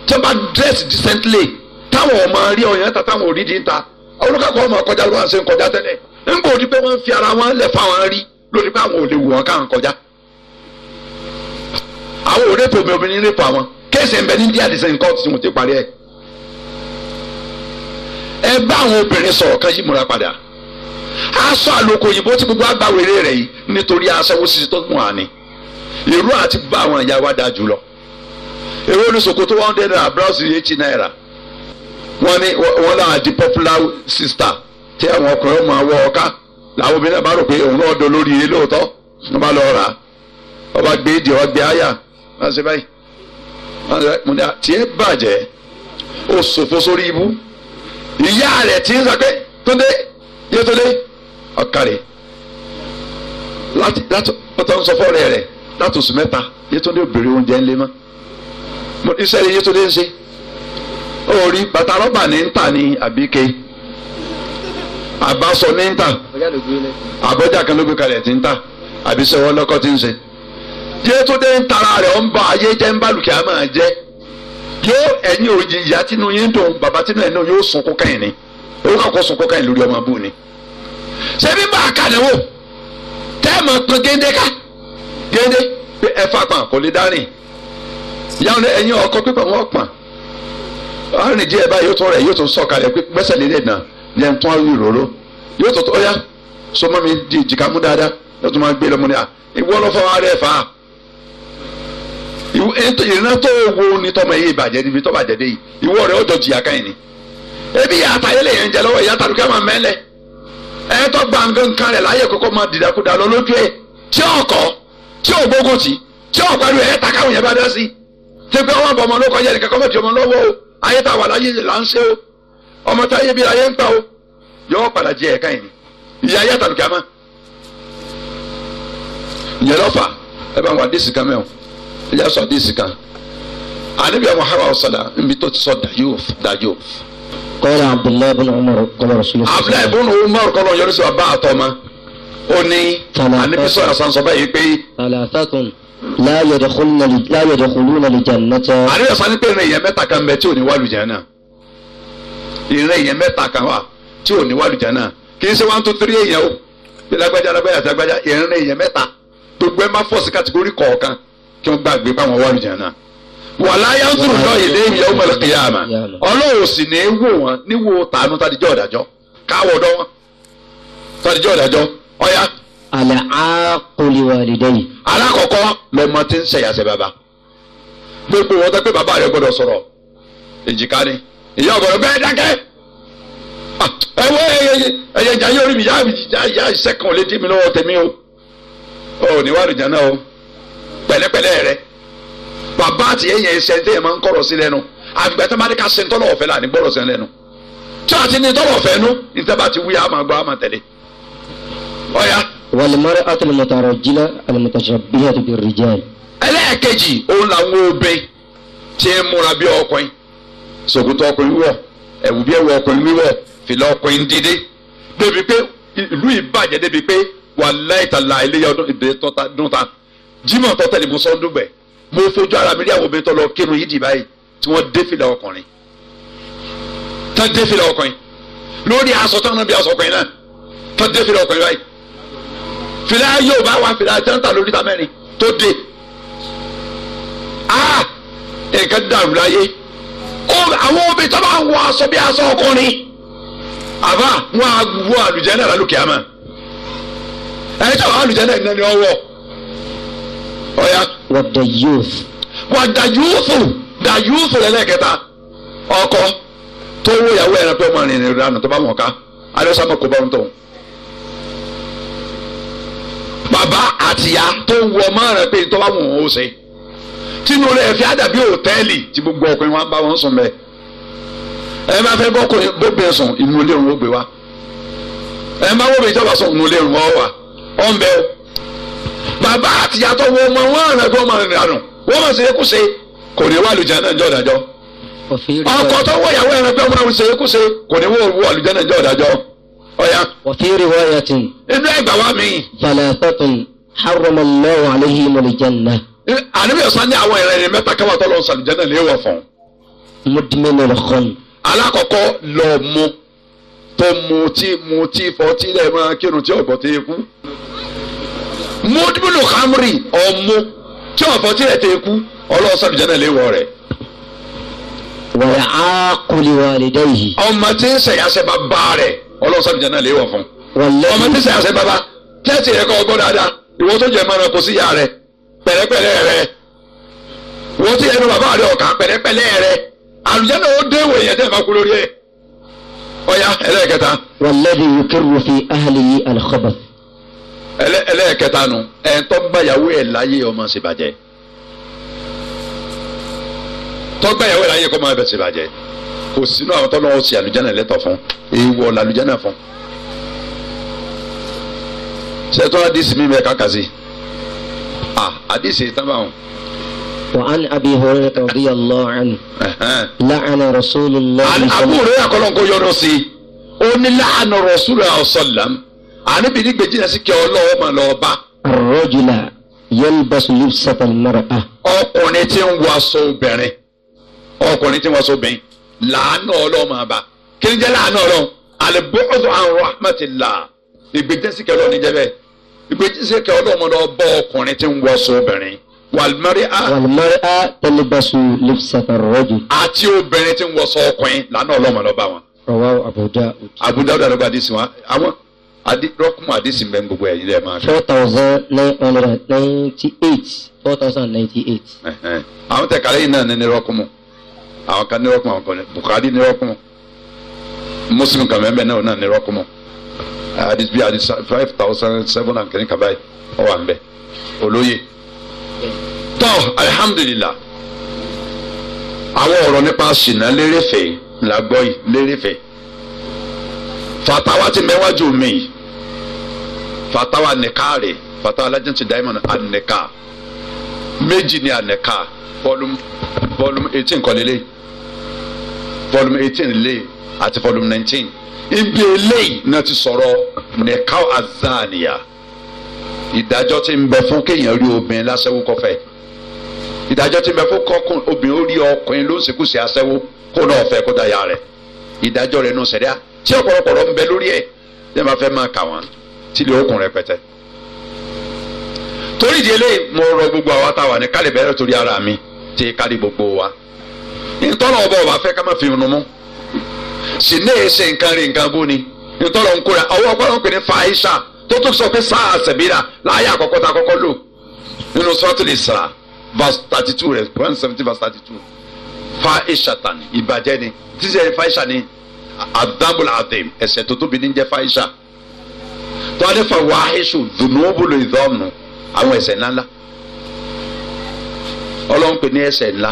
tí wọ́n bá dress decently táwọn ọmọ rí ọyàn ta táwọn òrí di ń ta olùkàkọ́ ọmọ kọjá ló wà ń ṣe ń kọjá tẹ́lẹ̀ ńgbò ní pé wọ́n fi ara wọn lẹ̀ fáwọn rí lórí pé àwọn ò lè wù wọn káwọn kọjá àwọn ò rẹ́pọ̀ mi obìnrin rẹ́pọ̀ àwọn kéèsì ẹ̀ńbẹ́ ní díẹ̀ àdìsẹ́ nǹkan ọ̀tún tí mo ti parí ẹ̀ ẹ bá àwọn obìnrin sọ̀rọ̀ kan yí múra padà aṣọ àlòkù òyìnbó tí gbogbo agbáwèrè rẹ̀ yìí nítorí aṣọ wo sisi tó mú àní ìró àti bá àwọn ìyá wa dáa jù lọ èwo ni ṣòkòtò one hundred naira blouse eighty naira wọ́n ní wọ́n náà di popular sister tí àwọn ọkùnrin máa wọ ọ̀ká làwọn obìnrin bá rò pé òun náà dọ lórí ilé òótọ́ wọ́n bá lọ rà á wọ́n bá gbé ìdí wọ́n gbé àyà wọ́n ṣe báyìí wọ́n ṣe mo ní ah, tiẹ̀ bàjẹ́ ó ṣòfò sórí ibú ìyá rẹ̀ ti ń sọ pé tóde yóò tóde láti láti ọ̀tọ̀ ń sọ fọ́ọ̀rẹ́ rẹ̀ látòsí mẹ́ta yóò tóde obìnrin oúnjẹ ńlẹ́ mọ́. iṣẹ́ rẹ̀ yétúndé ń ṣe orí bàtà rọ́bà ní ń tà ní àbíké àbáṣọ ní ń tà àbọ́jà kan ló gbé kalẹ̀ tí ń tà àbíṣẹ́wọ́ lọ́kọ́ ti ń ṣe yétúndé ń tara rẹ̀ ń ba ayé jẹ́ ń bá lùkìá máa jẹ́ yóò ẹ̀yin òjì ìyá tínú yín dùn bàbá ni òun kẹ́yìn lórí ọmọ abúlé ni ṣé bí bá a kà ní wò tẹ́ ẹ̀ mọ̀ yàrá ní ẹ̀yin ọkọ pípa wọn pọ̀n arìnrìn díẹ̀ báyìí yóò tún rẹ̀ yóò tún sọ̀kalẹ̀ pé gbẹ́sẹ̀ lélẹ̀ náà ní ẹ̀ ń tún àwọn ìròró yóò tún ọ̀yá sọmọ mi di ìjìká mú dáadáa yóò tún máa gbé lọ́mọ ní à ìwọ lọ́fọ́ wa rẹ̀ fà á ìrìnà tó wo ni tọmọ yìí bàjẹ́ níbi tó bàjẹ́ dé yìí ìwọ rẹ̀ ó jìyà káyìn ni ebi yàtà yẹlẹ yẹn jẹ lọ́wọ́ yàtà lókè máa mẹ́lẹ̀ ẹ̀ tó gbàǹgàǹkan rẹ̀ láyè kókó máa dìdàkudà lọ lójú ẹ̀ tí ọkọ̀ ṣé pé ọmọ ọmọ ló kọjá nìkan kọ́mọ̀tì ọmọ lọ́wọ́ o ayé tá a wà láyé là ń ṣe o ọmọ tá ayé bí ayé ń pa o yọ padà jẹ ẹ̀ka yìí ìyá ayé àtàlùkẹ́ àmọ́ ìyẹn lọ́fà ẹ bá wà díìsì kan mẹ́wọ̀n ìyá sọ díìsì kan àníbi àwọn hawa ọ̀sọ̀dà níbi tó ti sọ dayoof dayoof. kọ́lá abdullahi bin umar kọ́lá rasulillah. abdullahi bin umar kọ́lá yọrí sí wa bá àtọ́ ma ó ní àníbi sọ̀rọ̀ sànsọ́ báyìí pé. àlàáfíà kan láyọ̀dọ̀ kúlú náà lè jẹun náà tẹ́. àríwá sọ ni pé ìrìn èèyàn mẹ́ta kan bẹ tí ò ní wàlú jẹ́ náà ìrìn èèyàn mẹ́ta kan wà tí ò ní wàlú jẹ́ náà kì í ṣe one two three èèyàn o lágbájá lágbájá àti lágbájá ìrìn èèyàn mẹ́ta gbogbo ẹ má fọ̀ sí kàtìgórí kọ̀ọ̀kan kí wọ́n gbàgbé báwọn wàlú jẹ́ náà wàlá yàtúrù náà ilé ìyàwó mẹlẹkìyàmà alákọ̀ọ́kọ́ lọ́mọ tí ń ṣẹ̀yàṣẹ̀ bàbá gbogbo wọn tẹ́ pé bàbá rẹ̀ gbọ́dọ̀ sọ̀rọ̀ èjìká ni ìyá ọ̀gbọ̀dọ̀ bẹ́ẹ̀ dákẹ́ ah, ẹ wọ ẹyẹ ìjà yóò rí mi ìyá ìṣẹ́ kan ò lè dí mi lọ́wọ́ tèmi o ò ní wàá rìn jàǹdà o pẹ̀lẹ́pẹ̀lẹ́ rẹ bàbá àti ẹ̀yẹ ẹsẹ̀ ń tẹ̀yẹ̀ máa ń kọ̀rọ̀ sí lẹ́nu àgbẹ̀ tó máa ní ká se ntọ́lọ̀ ọ̀fẹ́ là ní gbọ́dọ̀ sẹ́ lẹ́nu tí a ti ní ntọ́lọ̀ ọ̀fẹ́ nu ìtẹ́bà ti wí àmàgbọ́ àmàtẹ̀lé ọ̀ya wal-mar'atu al-mutarajjilah al-mutashabbihatu bir-rijal. ẹlẹ́ẹ̀kejì òun làwọn obìnrin tí ń múra bí ọkùnrin ṣòkòtò ọkùnrin wọ̀ ẹ̀wù bí ẹ̀wù ọkùnrin wíwọ̀ fìlà ọkùnrin dídé débi pé ìlú ìbàjẹ́ débi pé wàláhì tàlá iléyà ọdún ìdè tọ́tà tán jimoh tọ́tà ni mo sọ ọdún bẹ̀ mo fojú ara mi rí àwọn obìnrin tó lọ kírun yìí dì báyìí tí wọ́n dé fìlà ọkùnrin tán dé fìlà ọkùnrin lórí aṣọ tán náà bí aṣọ ọkùnrin náà tán dé fìlà ọkùnrin báyìí fìlà yóò bá wa fìlà jẹ́ńtà lórí ta mẹ́rin tó dé ah nǹkan dàrú láyé àwọn obìnrin tó bá wọ aṣọ bí aṣọ ọkùnrin àbá wọn á wọ àlùjẹ́ńdà lálùkì àmọ́ ẹni tó wà àlùjẹ́ńdà ìgbà ni ọwọ́ ọ̀ya. wọ́n dà youth. What the youth The youth lẹ́lẹ́kẹta ọkọ tó wọ ìyàwó ẹ̀rọ pé ọmọ rìnrìn rẹ̀ dànù tó bá mọ̀ ká alẹ́ sábà kó bá ń tọ̀ bàbá àtìyá tó wọ ọmọ rẹ pé tó bá wọn ò ṣe tínú rẹ fi àdàbí òtẹ́ẹ̀lì tí gbogbo ọkùnrin wọn bá wọn sùn bẹ́ẹ̀ ẹ máa fẹ́ bọ́kùnrin bóbìnrin sùn inú ilé òun ó gbé wa ẹ máa wọ́n mi ìjọba sọ ọ̀nà olè rùn ọ́ wà ọ́n bẹ́ o bàbá àtìyàtọ̀ wo ọmọ wọn àrùn ẹgbẹ́ ọmọ rìn àrùn wọ́n mọ̀ sí ekú ṣe kò ní wà lùjẹ́ náà jọ́ ìdájọ́ ọkọ̀ tó wọ̀ ìyàwó ẹ̀rọ ẹgbẹ́ ọmọ rìn ṣe ekú ṣe kò ní wọ̀ lùjẹ́ náà jọ́ ìdájọ́ ọ̀yà. wàfíìrì wáyà tì. nínú ẹgbà wa mi. fàlàtàtùn haramallahu alayhi mọ̀lìjánná. àníbi ọ̀sán ní àwọn ìrìn mẹ́ta káwá tó lọ sàlùjánná lè wọ̀ fún. mudmin al-khamr. alákọ̀ọ́kọ́ lọ mu tó mu tí mu tí fọ́ tí lè máa kírun tí ọ̀gbọ́n ti kú. mudmin al-khamri ọ̀mu tí ọ̀fọ́ tí lè ti kú ọlọ́ọ̀ sàlùjánná lè wọ̀ rẹ̀ wàyà ákùlì wàlìdẹ́yìí. ọmọ tí ń sẹ̀yà sẹ́ba bá rẹ̀ ọlọ́run sábìjà náà lè wọ̀ fún. ọmọ tí sẹ́yà sẹ́ bàbá kíláàsì rẹ kọ́ ọgbọ́n dáadáa ìwọ tó jẹ mọ́ra kò sí ìyá rẹ pẹ̀lẹ́pẹ̀lẹ́ rẹ ìwọ tí ẹnu bàbá rẹ ọ̀kan pẹ̀lẹ́pẹ̀lẹ́ rẹ àlùjẹ́ náà ó dé ìwòye dẹ́ máa kú lórí ẹ̀ ọ̀ya ẹlẹ́ẹ̀kẹta. wàlẹ́bí yukirru fi ahlihi al-khabath. ẹlẹ́ẹ̀kẹta nu ẹ̀ńtọ́ ẹ̀ kò sínú àwọn tọ́lọ́ ọ̀sẹ̀ àlùjáná lẹ́tọ̀ fún èèwọ̀ làlùjáná fún. sẹ́tọ́ àdìsí mi mẹ́ka kà sí àdìsí tábàwọn. وعن أبي هريرة رضي الله عنه لعن رسول الله عن أبو هريرة قالوا نقول يرسي أن لعن رسول الله صلى الله عليه وسلم عن بني بجينا سكي الله وما لوبا الرجل yẹlbasu libsata mara a. ọkùnrin tí ń waṣọ obìnrin ọkùnrin tí làánà ọlọ́run máa bá kí ni jẹ́ làánà ọlọ́run àlùbọ́sọ̀ àrùn rahmatillah ìgbẹ́jẹ́sìkẹ́ ọlọ́run ní jẹ́bẹ́ ìgbẹ́jẹ́sìkẹ́ ọlọ́run lọ bọ́ ọkùnrin tí ń wọṣọ obìnrin wàlùmọ́rí a. wàlùmọ́rí a tẹlifasù lẹ́fisàtàrọ́jù. àti obìnrin tí ń wọṣọ ọkùnrin làánà ọlọ́run lọ bá wọn. rọwá àbúdá. àbúdá ọ̀dà ló àdìsí wọn àwọn rọ́kùnmọ́ àdìsí mbẹ́ gbogbo ẹ̀yìn rẹ̀ máa. four thousand nine hundred ninety eight four thousand ninety eight. àwọn tẹ̀kálẹ́yìn náà ní ní rọ́kùnmọ́ àwọn kan nírọ́ kún àwọn kan ní Bukhari nírọ́ kún Muslim kan mẹ́mẹ́ náà náà nírọ́ kún mọ́ hadith bíi hadith five thousand seven hundred kìíní kaba yìí ọ wà nbẹ olóye tọ́ alihamudulila àwọn ọ̀rọ̀ nípa sinna lérèfé la gbọ́ yìí lérèfé fatawa ti mẹ́wájú mi yìí fatawa nìka rè fatawa lajẹ́ntì diamond anìka méjì ni anìka volume volume eighteen kọ́lélẹ́yìí volume eighteen le àti volume nineteen ibi eléyìí náà ti sọ̀rọ̀ nìkan azania ìdájọ́ ti ń bẹ fún kéèyàn rí obìnrin láṣẹ́wó kọfẹ́ ìdájọ́ ti ń bẹ fún kọ́kùn obìnrin ó rí ọkùnrin ló ń sìnkú sí aṣẹ́wó kó náà fẹ́ kó daya rẹ̀ ìdájọ́ rẹ̀ nù sẹ̀dá tí ọ̀pọ̀lọpọ̀lọ ń bẹ lórí ẹ̀ ẹ máa fẹ́ máa kà wọ́n tílé okùn rẹpẹtẹ. torí ìdí mo rọ gbogbo àwa táwa ní kálí bẹ̀rẹ̀ torí ara mi ti kálí gbogbo wa ntọ́lọ̀ ọba ọba fẹ́ ká má fi hùn mú sì ní èsè nǹkan rí nǹkan bú ni ntọ́lọ̀ ń kóra ọwọ́ ọgbọ́n pè ní fàáyísà tó tún sọ pé sáà sẹ̀bírà láyé àkọ́kọ́ tá a kọ́kọ́ lò nínú sọ́tìlì sàrà verse thirty two rẹ̀ Quran seventeen verse thirty two fàáyísà tani ìbàjẹ́ ni tíṣe fàáyísà ni adabul adim ẹ̀ṣẹ̀ tó tóbi ní jẹ́ fàáyísà tọ́lẹ̀ fà wàhísù dùnúbùlù ìdọ́ọ̀nù àwọn ẹ̀ṣẹ̀ ńláńlá ọlọ́run pè ní ẹ̀ṣẹ̀ ńlá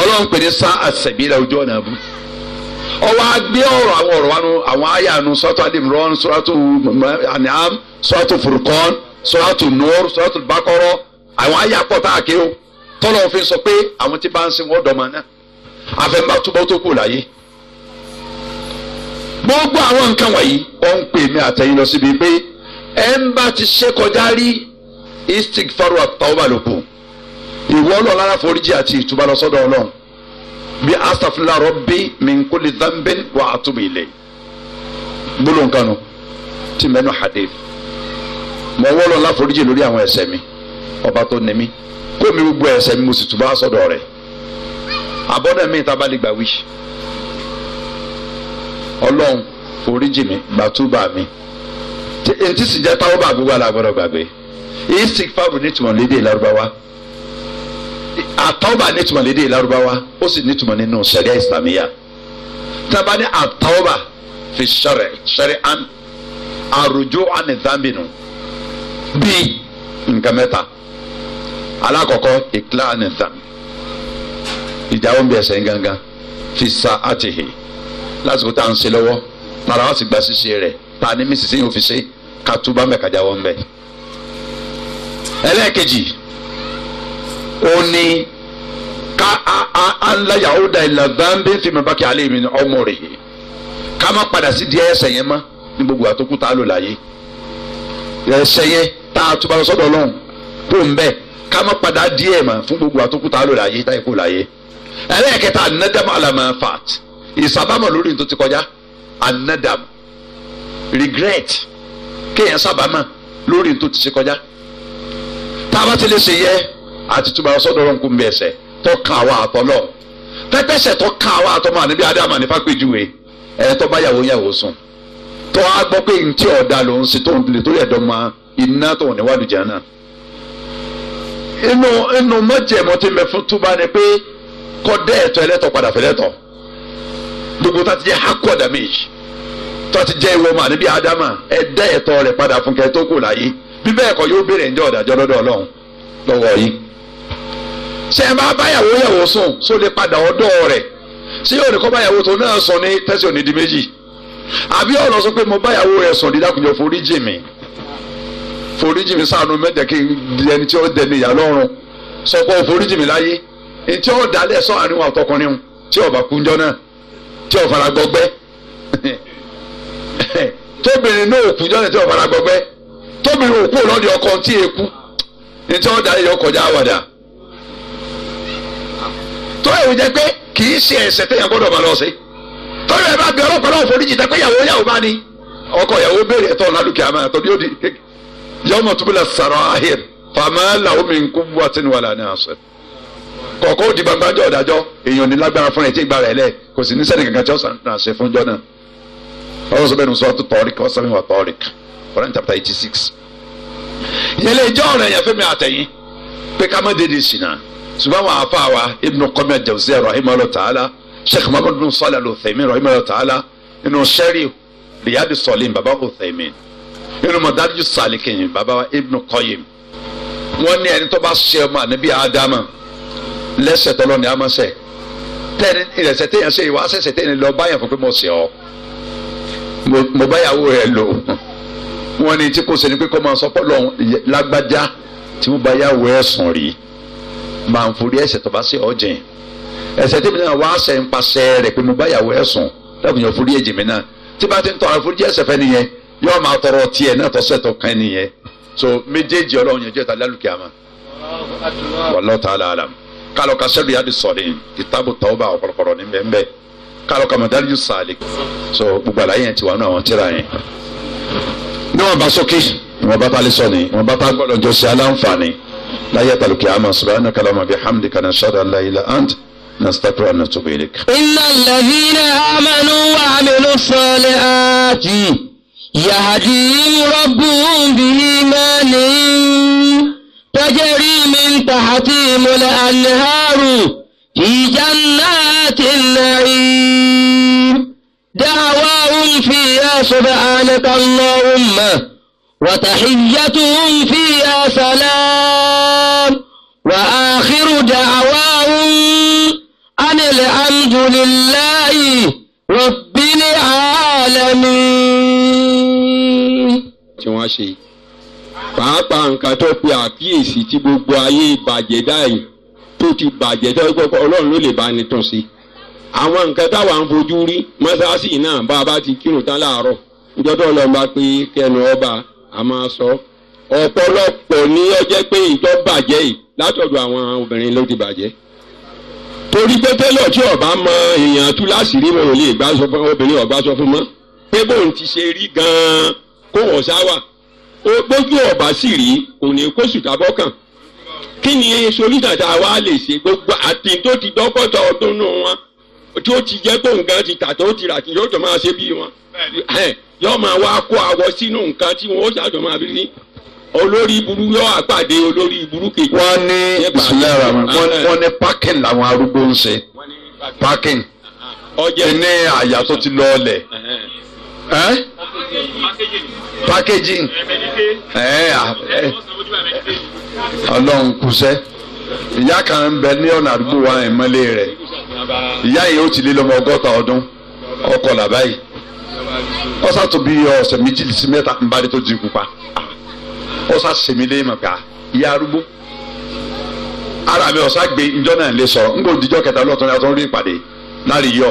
ọlọ́run pè ní sá àṣẹ̀bílà ojú ọ̀nà àbú ọwọ́ agbé ọ̀rọ̀ àwọn ọ̀rọ̀ wanu àwọn àyà nu sọ́tò adimron sọ́tò anam sọ́tò furukọ́n sọ́tò nur sọ́tò bakọ́rọ́ àwọn àyà pọ̀ tá a ké o tọ́lọ̀ òfin sọ pé àwọn tí bá ń sin wọ́n dọ̀mọ̀ náà àfẹnbá túbọ̀ tó kù láyé gbogbo àwọn nǹkan wọ̀nyí wọ́n ń pè mí àtẹ̀yìn lọ síbi pé ẹ̀ ń bá ti ṣe kọjá rí istigfaru àtàwọn àlòkù ìwọ ọlọ́run lára foríjì àti ìtúbà lọ sọ́dọ̀ ọlọ́run bí astaghfirullah rabbi min kulli dhanbin wa atubu ilayh gbólóhùn kanu tí mẹ́nu hadith mọ̀ wọ́ ọlọ́run lára foríjì lórí àwọn ẹ̀ṣẹ̀ mi ọba tó ní mi kó mi gbogbo ẹ̀ṣẹ̀ mi mo sì túbà sọ́dọ̀ rẹ̀ àbọ̀dọ̀ mi ta bá lè gbà wí ọlọ́run foríjì mi gbàtúbà mi ntí sì jẹ́ táwọn bá gbogbo àlàgbọ́dọ̀ gbàgbé ìsìkfàbù nítumọ̀ lédè Lárúbáwá àtọ́wọ́bà nítumọ̀ lédè lárúbáwá ó sì nítumọ̀ nínú sẹ̀ríà ìsìlámíyà tábà ní àtọ́wọ́bà fi sẹ̀rẹ̀ sẹ̀rẹ̀ àn àrùjọ ànìtàmínú bíi nǹkan mẹ́ta alákọ̀ọ́kọ́ ìkìlá ànìtàm ìjáwọ́ ń bí ẹsẹ̀ gángan fi sa àtìhì lásìkò tá à ń ṣe lọ́wọ́ tara wá sì gba ṣíṣe rẹ̀ ta ni sì sí òfìsí kàtúbà ń bẹ̀ ẹlẹ́ẹ̀kejì ó ní ká anla yahuda ìlànbáńbé fìmọ̀ bá kí alẹ́ mi ní ọmọ rẹ̀ ká má padà sí di ẹsẹ̀ yẹn mọ́ ní gbogbo àtúkù tá a lò láyé ẹsẹ̀ yẹn tá a túbọ̀ sọ́dọ̀ ọlọ́run tó ń bẹ̀ ká má padà di ẹ̀ mọ́ fún gbogbo àtúkù tá a lò láyé tá a kó láyé ẹlẹ́ẹ̀kẹta anadam alama fat ìsábàmọ̀ lórí tó ti kọjá anadam regret kéèyàn sábàmọ̀ lórí tó ti ṣe kọjá tá a bá ti lè ṣe yẹ àti túbọ̀ sọ́dọ̀ ọlọ́run kò ń bí ẹ̀ṣẹ̀ tó kan àwa àtọ́lọ́ pẹ́pẹ́sẹ̀ tó kan àwa àtọ́mọ àníbí adámà ní fápéjúwe ẹ̀ tó bá yàwó yàwó sùn tó a gbọ́ pé ntí ọ̀dà ló ń ṣe tó ń dilẹ̀ torí ẹ̀dọ́ ma iná tó níwájú jẹ́ náà. inú inú mọ́jẹ̀mọ́ ti mẹ́ fún túbá ni pé kọ́ dẹ́ ẹ̀tọ́ ẹlẹ́tọ̀ padà fẹ́lẹ́tọ̀ gbogbo tá ti jẹ́ hakọ́ damage tó ti jẹ́ ìwọ́mọ àníbí adama ẹ ẹ̀tọ́ rẹ̀ padà fún kẹ́ẹ́ láyé bí bẹ́ẹ̀ yóò béèrè ǹjẹ́ ọ̀dàjọ́ lọ́dọ̀ ọlọ́run lọ́wọ́ yìí ṣé ẹ máa báyàwó yàwó sùn só lè padà ọ̀dọ̀ rẹ̀ ṣé yóò ní kọ́ báyàwó tó náà sọ ní tẹ́sí òní di méjì àbí ọ̀rọ̀ sọ pé mo báyàwó rẹ̀ sùn dídákùnjọ forí jì mí forí jì mí ṣàánú mẹ́jẹ̀ kí ẹni tí ó dẹni ìyá lọ́rùn sọ pé forí jì mí láyé ní tí ó dalẹ̀ sọ àárín wọn àtọkùnrin tí ọba kúnjọ náà tí ó fara gbọgbẹ́ tóbìnrin náà òkú jọ́nà tí ó fara gbọgbẹ́ tóbìnrin òkú lọ́dẹ ọkọ tí èkú ní tí ó dalẹ̀ yọ kọjá àwàdà tó yẹ kó jẹ́ pé kì í ṣe ẹ̀ṣẹ̀ téèyàn gbọ́dọ̀ máa lọ sí tọ́lú ẹ̀ bá bẹ ọlọ́pàá náà foríjì jẹ́ pé ìyàwó yàwó bá ní ọkọ ìyàwó béèrè ẹ̀tọ́ ọ̀nàdúkìá máa tọ́jú òdì yọmọ tubula sara ahir fama làwọn mi nkú bu àti ní wàlà ní àṣẹ kọ̀ọ̀kọ́ òdì bàbájọ́ ọ̀dàjọ́ èèyàn ní lágbára fún ẹ̀tí ìgbára ẹ̀lẹ́ kò sì ní sẹ́ni kankan tí ọ̀sán náà ṣe fúnjọ́ náà ọlọ́sọ bẹ́ẹ̀ ni sọ tó tọ́ọ̀rì kọ́ sẹ́mi wà tọ́ọ̀rì Quran chapter eighty six ìyẹn lè jọ́ ọ̀rọ̀ ṣùgbọ́n àwọn afa wa ibnu Qayyim al-Jawziyya rahimahullah ta'ala sheikh muhammad bin Salih al-Uthaymin rahimahullah ta'ala nínú sẹ́rí riyadu sọ̀lìn baba Uthaymin nínú madariju salikin baba ibnu Qayyim wọ́n ní ẹni tó bá ṣe ọmọ ànábì ádámà lẹ́sẹ̀ tọ́lọ́ ni a máa ṣẹ̀ tẹ́ni ìrẹsẹ̀ téèyàn ṣe ìwà ṣẹ̀ṣẹ̀ téèyàn lọ báyàn fún pé mo ṣe ọ́ mo báyàwó rẹ̀ lò wọ́n ní tí kò ṣe pé kó máa sọ pé lágbájá tí mo báyàwó ẹ̀ sùn rí máa ń forí ẹ̀ṣẹ̀ tó bá ṣe ọ̀jìn ẹ̀ṣẹ̀ tèmi náà wá ṣe ń paṣẹ rẹ̀ pé mo bá yàwó ẹ̀sùn dábùn yàn forí ẹ̀jẹ̀ mi náà tí bá ti ń tọrọ àforíjì ẹ̀ṣẹ̀ fẹ́ nìyẹn yóò máa tọrọ tiẹ̀ náà tọ́sẹ̀ tó kan nìyẹn so méjèèjì ọlọ́run yẹn jẹ́ ta lálùkì àmà wallahu ta'ala alam kálọ̀ ka sẹ́lu yá di sọ̀rin kìtàbù tọ́ba ọ̀kọ̀rọ̀kọ̀rọ̀ ní bẹ́ẹ̀ kálọ̀ ka mọ̀dájú sàlẹ̀ so gbogbo àlàyé yẹn ti wà nínú àwọn tíra yẹn. níwọ̀n bá sókè ìwọ̀n bá tá a sọ ni ìwọ̀n bá tá a jọ sí aláǹfààní láyé àtàlùkì àmà subhanaka Allahumma bihamdika أن an la ilaha أنت anta أن نتوب إليك إن الذين آمنوا وعملوا الصالحات يهديهم ربهم بإيمان تجري من تحتهم الأنهار في جنات النعيم دعواهم فيها سبحانك اللهم وتحيتهم فيها سلام وآخر دعواهم أن الحمد لله رب العالمين pàápàá nǹkan tó pe àkíyèsí tí gbogbo ayé bàjẹ́ dáì tó ti bàjẹ́ tó gbọ́ ọlọ́run ló lè bá ní tún sí àwọn nǹkan táwa ń fojú rí mọ́sáàsì náà bá a bá ti kírun tán láàárọ̀ ìjọ́dọ̀ ọlọ́run bá pé kẹnu ọba a máa sọ ọ̀pọ̀lọpọ̀ ni ó jẹ́ pé ìjọ bàjẹ́ yìí látọ̀dọ̀ àwọn obìnrin ló ti bàjẹ́ torí pé tẹ́lọ̀ tí ọba mọ èèyàn tú láṣìírí wọn ò lè gbá sọ fún obìnrin ọba sọ fún mọ́ pé bóun ti ṣe rí gan-an kó wọ́n sáwà gbójú ọba sì rí kò ní kó sùtàbọ̀ kàn kí ni solítà tá a wá lè ṣe gbogbo àti tó ti dọ́kọ̀tà ọdún nù wọn tí ó ti jẹ́ kó nǹkan ti tà tó ti rà kí yóò tó máa ṣe bí wọn. yóò máa wá kó àwọ sínú nǹkan tí wọn ó ṣàjọ máa bí ní olórí burú yóò àpàdé olórí burú kejì. wọ́n ní bisimilayi wọ́n ní parking làwọn arúgbó ń ṣe parking ní àyà tó ti lọ ọlẹ̀ packaging ọlọ́run kùsẹ́ ìyá kan ń bẹ ní ọ̀nà àdúgbò wa ìmọ̀lé rẹ̀ ìyá yìí ó ti lé lọ́mọ ọgọ́ta ọdún ọkọ̀ làbáyìí. ọ̀sà tó bí ọ̀sẹ̀ méjì sí mẹ́ta ń bá dé tó di pa ọ̀sà sèmi lé mọ̀ ká ìyá arúgbó ara mi ọ̀sà gbé njọ́ náà lè sọ̀rọ̀ ń gbòdì kẹta lọ́tọ́ ní atọ́ rí ìpàdé láàrin yọ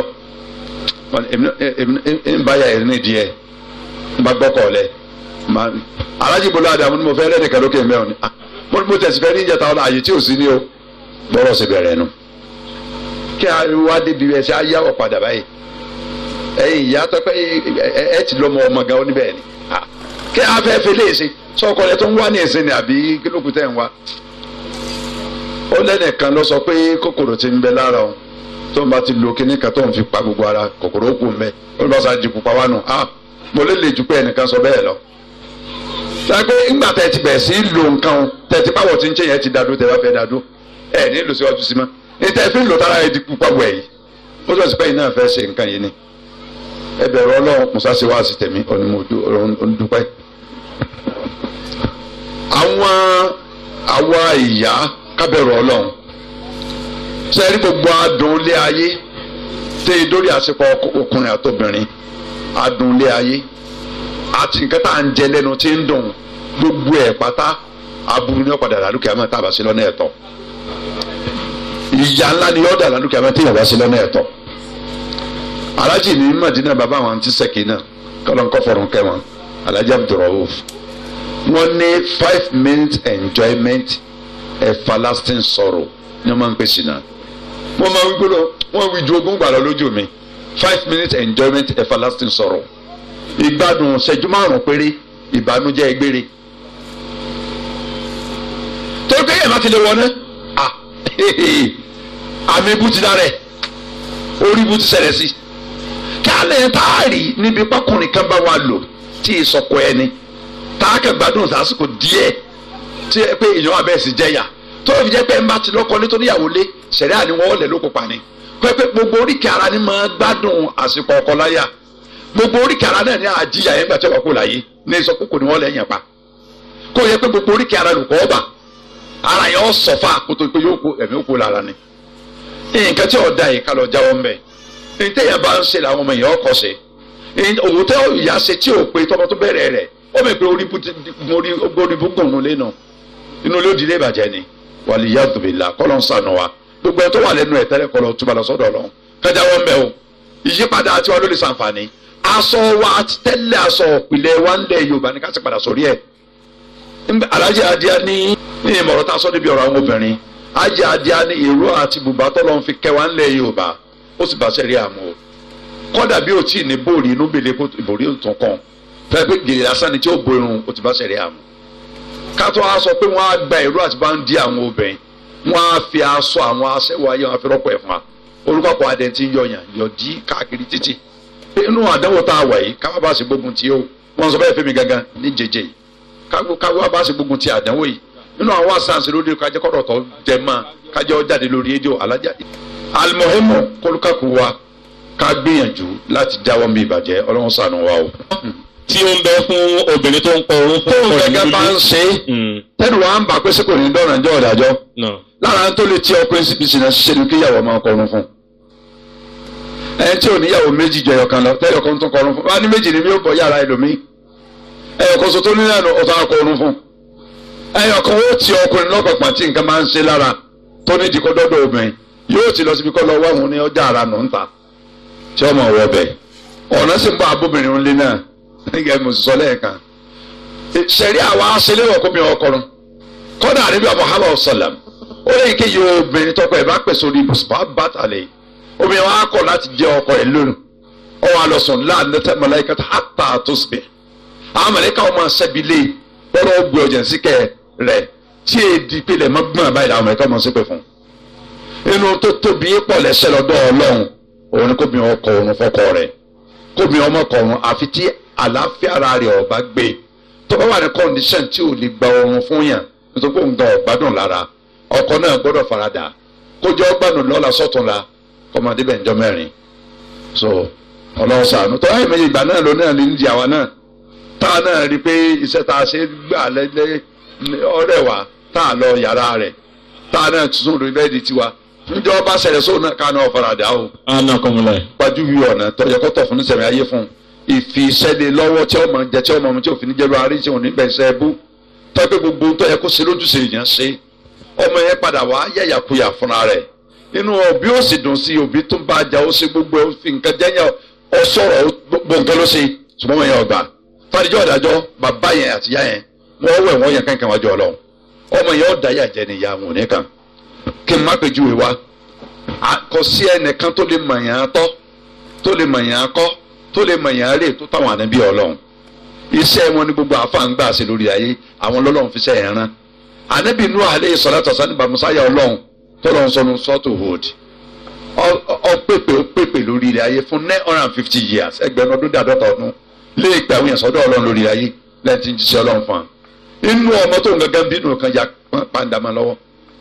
ń bá yà ẹ̀rín ìdí ẹ̀ ń bá gbọ́kọ̀ ọ̀lẹ́ alájìbọ̀lá àdàmú ni mo fẹ́ rẹ́ nìkan lókè mẹ́rin ah, mo tẹ̀sí fẹ́ ní ìjẹta ọ̀la àyè tí o bọ́rọ̀ sì nu kí a wá débi ẹsẹ̀ á padà báyìí ẹ̀yin ìyá tọpẹ ẹ ti lọmọ ọmọ gan oníbẹ ni kí a fẹ́ fi léèṣe sọkọ rẹ tó ń wá ní ẹsẹ ni àbí kílókù tẹ̀ ń wá. ó lẹ́nìkan lọ sọ pé kòkòrò ti ń bẹ lára òun tó ń bá ti lo kinní kan tó ń fi pa gbogbo ara kòkòrò kù mẹ́ ó lọ́ sá jù pupa wá nù mo lè lè jù pé ẹnìkan sọ bẹ́ẹ̀ lọ sàgbé ńgbà tẹ ti bẹ̀rẹ̀ sí lo nǹkan o tẹ ti báwọ̀ tí ń ṣe yẹn ti dàdó tẹ bá fẹ́ dàdó ẹ ní lò síwájú sí ma ní tẹ fi ń lò tára ẹ di pupa wẹ̀ yìí ó sọ sí pé iná fẹ́ ṣe nǹkan yìí ni ẹbẹ̀rù ọlọ́run musa ṣe wá sí tẹ̀mí onímọ̀dúpẹ́. àwọn àwa ìyá kábẹ̀rù ọlọ́run sẹ́rí gbogbo adùn ilé ayé tẹ ìdórí àṣepọ̀ ọkùnrin àtobìnrin adùn ilé ayé àti nǹkan tá à ń jẹ lẹ́nu tí ń dùn gbogbo ẹ̀ pátá aburú ni ó padà dà lókè àmọ́ tá a lọ́nà ẹ̀tọ́ ìyá ńlá ni ó dà àmọ́ tí bá ṣe lọ́nà ẹ̀tọ́ alájì ní madina bàbá wọn ti sẹ́kì náà kọ́lọ́n kọ́ fọ̀rùn kẹ́ wọn alájà abdulrahuf wọ́n ní five minutes enjoyment everlasting sorrow ni wọ́n máa ń pè sí náà wọ́n máa ń gbọ́dọ̀ wọ́n wí ju ogún gbàrà lójú mi five minutes enjoyment everlasting sorrow ìgbádùn ṣẹ́jú márùn-ún péré ìbànújẹ́ gbére tó gbé yẹn má ti lè wọlé ah, àmì ibú ti dára ẹ̀ orí ibú ti ṣẹlẹ̀ sí i kálẹ̀ tá a rí níbi pákùnrin kan bá wa lò tí ìsọkọ ẹni tá a kẹ́ gbádùn sásìkò díẹ̀ tí ẹ pé ìyàn abẹ́ sì jẹyà tó fi jẹ́ pé ẹ má ti lọ́kọ nítorí lé sẹ̀ríà ni wọ́n lẹ̀ ló kópa ni pẹ́pẹ́ gbogbo oríkì ara ni máa gbádùn àsìkò ọkọ láyà gbogbo oríkì ara náà ni àjíyà yẹn gbà tí wọ́n kó láyé ní ìsọkókò ni wọ́n lẹ̀ yẹn pa kó yẹ pé gbogbo oríkì ara lùkọ́ ọba ara yẹn ọ̀ sọ̀fà kótó pé yóò kó ẹ̀mí ó lára ni nǹkan tí ọ̀dà yìí ká jáwọ́ mbẹ́ ní tẹ́yà bá ń ṣe làwọn ọmọ èèyàn ọkọ̀ ṣe òun tẹ́ ìyá ṣe tí ò pé tọmọ tó bẹ̀rẹ̀ rẹ̀ ó mẹ̀ pé orí búgùn nulẹ̀ nù inú ló dilé ìbàjẹ́ ni wàlíyá dùbìlà kọ́lọ́ ń sànù wa gbogbo ẹ̀ tó wà lẹ́nu ẹ̀ tẹ́lẹ̀ kọ́lọ́ túbà lọ sọ́dọ̀ lọ kájà wọn bẹ̀ o ìyípadà àti wa ló lè ṣàǹfààní aṣọ wa àti tẹ́lẹ̀ aṣọ òpìlẹ̀ wa ń lẹ̀ Yorùbá ní ká sì padà sórí ẹ̀ alájà adìẹ ní ní ìmọ̀ràn tá a sọ níbi ọ̀rọ̀ àwọn obìnrin ajá adìẹ ní ìró àti bùbá tọ́lọ́ ń fi kẹwàá ń lẹ̀ Yorùbá ó sì bá sẹ́rí àmọ́ o kọ́dà bí o tí ì ní bòrí inú bèlè kó ìbòrí òtún kan fẹ́ pé gèlè lásán ni tí ó bo irun o ti bá sẹ́rí àmọ́ kátó a sọ pé wọ́n á gba ìró àti bá ń di àwọn obìnrin wọ́n á fi aṣọ àwọn aṣẹ́wó ayé wọn fi rọ́pò ẹ̀ fún wa orúkọ àpò adẹ̀ ti ń yọyàn yọ̀dí káàkiri títì inú àdánwò tá a wà yìí káwá bá sì gbógun tí ó wọ́n sọ bẹ́ẹ̀ fẹ́mi gangan ní jẹjẹ yìí káwá bá sì gbógun ti àdánwò yìí nínú àwọn àṣà àṣìlódé kájẹ́kọ̀rọ̀ tó jẹ mọ́ kájẹ́ ọ jáde lórí rédíò alájáde alimohimu kólúkàkú wa ká gbìyànjú láti jáwọ́ mi ìbàjẹ́ ọlọ́run ṣàánú wa o. Hmm. tí ó ń bẹ fún obìnrin tó ń pọ orun fún ọkọ rẹ lójú. tó ń gẹ́gẹ́ bá ń ṣe é hmm. tẹ́lẹ̀ wàá ń bà pé sẹ́kọ̀ọ́ ní dọ́rọ̀ ẹ̀jọ́ ọ̀dàjọ́ lára tó lè tí ọkùnrin síbi sinà ṣe ni kí ìyàwó máa kọrun fún ẹ tí ò níyàwó méjì jẹyọ kan lọ tẹ́lẹ̀ ọkọ tó kọrun fún wa ní méjì ni mi ò bọ̀ yàrá ẹlòmíì ẹ̀yọ̀kan sọ tó ní ìlànà ọ̀tá akọrun fún ẹ̀yọ̀kan ó yóò ti lọ síbi kọ́ lọ wá òun ní ọjà ara nù ń ta tí ọmọ wọ bẹ̀ ọ̀nà sì ń bá abóbìnrin ńlẹ̀ náà nígbà mo sọ lẹ́ẹ̀kan sẹ̀rí àwa aṣeléwọ̀ kó mi ọkọrun kọ́dà àríwá Muhammad sallam ó lè ké yìí obìnrin tọkọ ẹ̀ bá pèsè orí ibùsùn bá bàtà lè obìnrin wa kọ̀ láti jẹ́ ọkọ ẹ̀ lónìí ọ wa lọ sùn láàánú tẹ mọlẹ́kẹ́ hàtà tó sùn àwọn mọlẹ́kẹ́ ọmọ sẹ́bi lé wọ́n lọ́ọ́ gbé ọjà síkẹ́ rẹ̀ tí èdè ìpìlẹ̀ mọ́gbọ́n àbáyé làwọn mọlẹ́kẹ́ ọmọ sẹ́pẹ̀ fún un inú tó tóbi pọ̀ lẹ́sẹ̀ lọ́dọ̀ ọlọ́run òun ni kóbìnrin ọkọ òun fọkọ rẹ̀ kóbìnrin ọmọ kọ òun àfi tí àlàáfíà ara rẹ̀ ọba gbé tó bá wà ní kọ́ndíṣàn tí ò lè gba oorun fún yàn nítorí pé òun gan ọ̀gbádùn lára ọkọ náà gbọ́dọ̀ faradà kójọ ọgbàdùn lọ́la sọ́túnla kọ́mọdé bẹ̀ ń jọ mẹ́rin so ọlọ́run ṣàánú tó ẹ̀mí ìgbà náà ló náà lè ń di àwa náà tá a náà rí i pé iṣẹ́ tá a ṣe gbà lẹ́lẹ́ ọ̀rẹ́ wa tá a lọ yàrá rẹ̀ tá a náà tuntun lórí bẹ́ẹ̀dì tiwa níjọ́ ọba ṣẹlẹ̀ sóun náà kánú ọ̀faradà o. ana kọmọlẹ. gbajúwi ọ̀nà tọ́jọ́ kọ́tọ̀ fún sẹ̀mí ayé fún ìfi sẹ́lẹ̀ lọ́wọ́ tí ọmọ jẹ tí ọmọ mu tí òfin jẹ́lu arí tí òun ní bẹ̀sẹ̀ bú tọ́pẹ́ gbogbo tó yẹ kó ṣe lójúṣe èèyàn ṣe ọmọ yẹn padà wá yẹ̀yàkuyà fúnra rẹ̀ inú òbí ó sì dùn sí òbí tó ń bá ajá ó ṣe gbogbo òfin nǹkan jẹ́yàn ọ sọ̀rọ̀ gbogbo ló ṣe ṣùgbọ́n kí n má pèjúwe wa kò sí ẹnìkan tó lè mọ̀ yàn án tọ́ tó lè mọ̀ yàn án kọ́ tó lè mọ̀ yàn án rè tó táwọn ànábì ọlọ́run iṣẹ́ wọn ni gbogbo àfáàn gbà sí lórí ayé àwọn lọ́lọ́run fi ṣe ẹ̀ rán ànábì Nuh alayhi salatu wassalam nígbà musáyà ọlọ́run tó lọ́n sọnù sọ́tò Hud ọ pèpè ó pèpè lórí ilẹ̀ ayé fún nine hundred and fifty years ẹgbẹ̀rún ọdún dàdọ́ta ọdún lé ìgbà àwọn èèyàn sọ́dọ̀ ọlọ́run lórí ayé lẹ́yìn tí ń jíṣẹ́ ọlọ́run fún wa inú ọmọ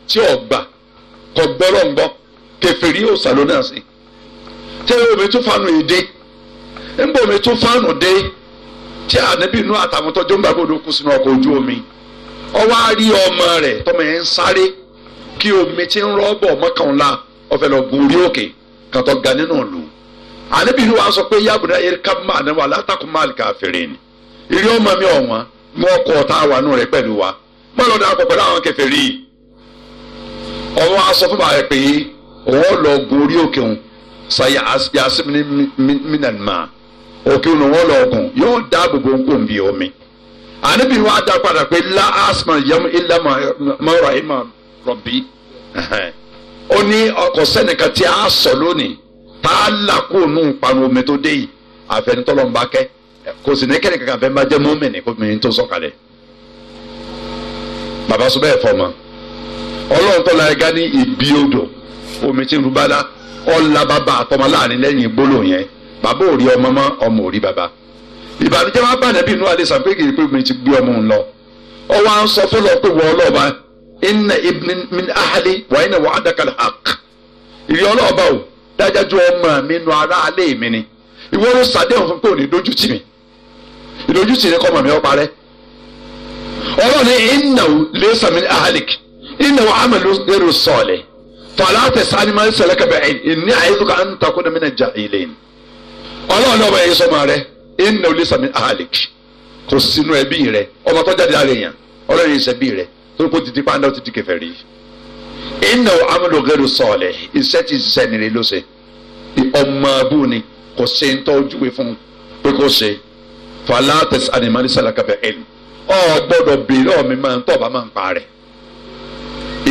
tó kò gbọ́rọ̀ ń bọ́ kẹfìrí òòsà ló náà omi tún fanu yìí dé ńgbọ́ omi tún fanu dé tí ànábì inú àtàwọn tọ́jú ń bàbá odò kù sínú ọkọ̀ ojú omi ọwọ́ á rí ọmọ rẹ̀ tọmọ yẹn ń sáré kí omi ti ń rọ́ọ̀bọ̀ mọ́kànlá ọ̀fẹ́ lọ gun orí òkè kàtọ́ ga nínú ìlú ànábì inú wa sọ pé yàgùn náà erika ni ìrí ọmọ mi ọ̀wọ́n mú ọkọ̀ ọ̀tá wa nù rẹ̀ pẹ̀lú wa mọ́ lọ́dọ̀ ọwọ́ aṣọ fún bàbá rẹ̀ pé wọ́n lọ gun orí òkè òun ṣayà yasimi ní mínàmá òkè òun wọ́n lọ gun yóò dá gbogbo nǹkan bí omi. àníbi wọn á padà pé la asma yamu ilá mọ́ra ima rọ̀bì ó ní ọkọ̀ sẹ́nìkan tí a sọ lónìí tá a là kó nù panu omi tó dé yìí àfẹnitọ́lọ́mbà kẹ́ kò sì ní kẹ́nìkan kan fẹ́ máa jẹ́ mọ́mìnì kó mi tó sọ̀kalẹ̀ bàbá sọ bẹ́ẹ̀ fọ́ ọ ọlọ́run tó ẹ̀ga ní ibi odò omi tí ń ru bàdá ọ̀la bàbá àtọmọ láàrin lẹ́yìn gbólóhùn yẹn bàbá ò rí ọmọ mọ́ ọmọ ò rí bàbá ìbànújẹ́ máa bá nàbí inú alẹ́ sàn pé kìí pé omi ti gbé ọmọ òun lọ ọwọ́ à ń sọ fọlọ́ pé wọ́n ọlọ́ọ̀bá inna ibni ahali mi nu ara alẹ́ ni ló pé ìdójútì mi ahalik إنه عمل غير الصالح فلا تسألني ما ليس لك بعلم إني أعظك أن تكون من الجاهلين ọlọ́run lọ́wọ́ ẹ̀yẹ sọmọ rẹ إنه ليس من أهلك kò sínú ẹbí rẹ ọmọ tó jáde lára èèyàn ọlọ́run yìí sẹ́bí rẹ torí kó titi pàǹdà titi kẹfẹ́ rí إنه عمل غير الصالح iṣẹ́ tí iṣẹ́ nìrè ló ṣe ọmọ abú ni kò ṣe ń tọ́jú wí fún pé kò ṣe fala تسألني ما ليس لك بعلم ọ̀ gbọ́dọ̀ bèèrè ọ̀ mi máa ń tọ́ ọba máa ń pa rẹ̀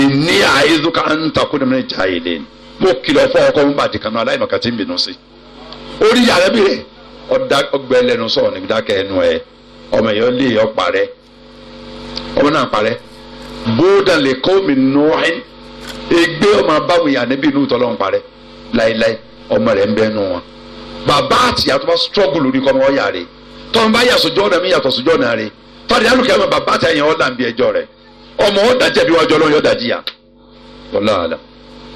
ìní àìzúkà ń takú ní jahilin mo kìlọ̀ fún ọkọ mú bàtì kanú aláìmọ̀kà tí ń bínú sí orí yàrá bí rẹ̀ ọgbẹ́ dákẹ́ ẹnu ọmọ lé ọ ọmọ náà bóódàn lè kọ́ mi nù ẹgbẹ́ ọmọ abáwọn inú tọ́lọ́ ń láéláé ọmọ ń bẹ́ nù wọn bàbá àti ní tọ́nba yà sójú ọ̀nà mi yàtọ̀ sójú ọ̀nà rẹ̀ tọ́ni ọmọ ó dàjẹ́ bí wájú ọlọ́run yóò dàjì yà wọlé àlà.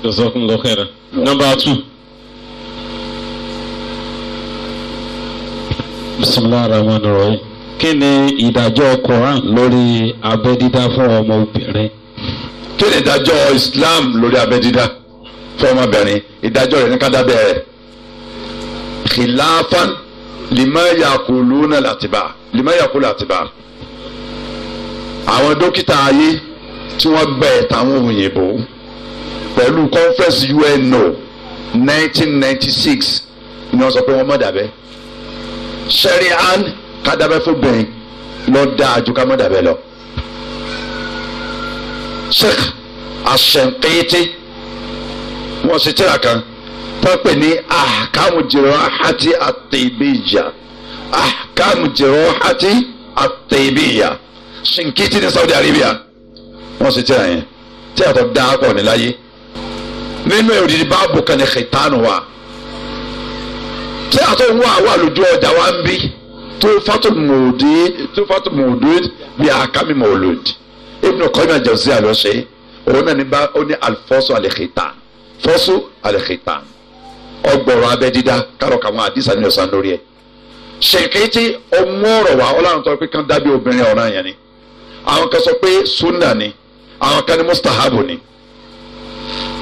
jazakumullahu khairan number two. bisimilahi rahman rahim kí ni ìdájọ́ Quran lórí abẹ́ dídá fún ọmọ obìnrin. kí ni ìdájọ́ Islam lórí abẹ́ dídá fún ọmọbìnrin ìdájọ́ rẹ̀ ní kádàbẹ̀ rẹ̀ khilafan lima yakulu na latiba lima yakulu latiba àwọn dókítà ayé tí wọ́n bẹ̀ tàwọn òyìnbó pẹ̀lú conference UNO 1996 ni wọ́n sọ pé wọ́n mọ̀ dàbẹ́ sẹ́rí án kádàbẹ́ fún bẹ́ẹ̀ lọ dáa ju ká mọ̀ dàbẹ́ lọ. Sheikh Ashenqiti wọ́n sì tíra kan tó pè ní ahkamu jirahati at-tibiyya ahkamu jirahati at-tibiyya. Shinkiti ní Saudi Arabia wọ́n sì tẹ̀ra yẹn tí a tọ́ da pọ̀ níláyé nínú èrò dídí báàbù kan ní xitánù wa tí a tọ́ ń wá wà ọjà wa ń bí tó fatu mòdì tó fatu mòdì bí akami mòlòdì Ibn Qayyim al-Jawziyya àlọ́ṣe òun náà ní bá ó ní alifọ́sù al-khitan fọ́sù al-khitan ọgbọ̀rọ̀ abẹ́ kárọ̀ káwọn àdìsá ní ọ̀sán lórí ẹ̀ Shinkiti ọmọ ọ̀rọ̀ wa ọlọ́run tó pé kán dábìí obìnrin ọ̀ràn yẹn ni àwọn kan sọ pé sunna ni àwọn kan ní mustahabu ni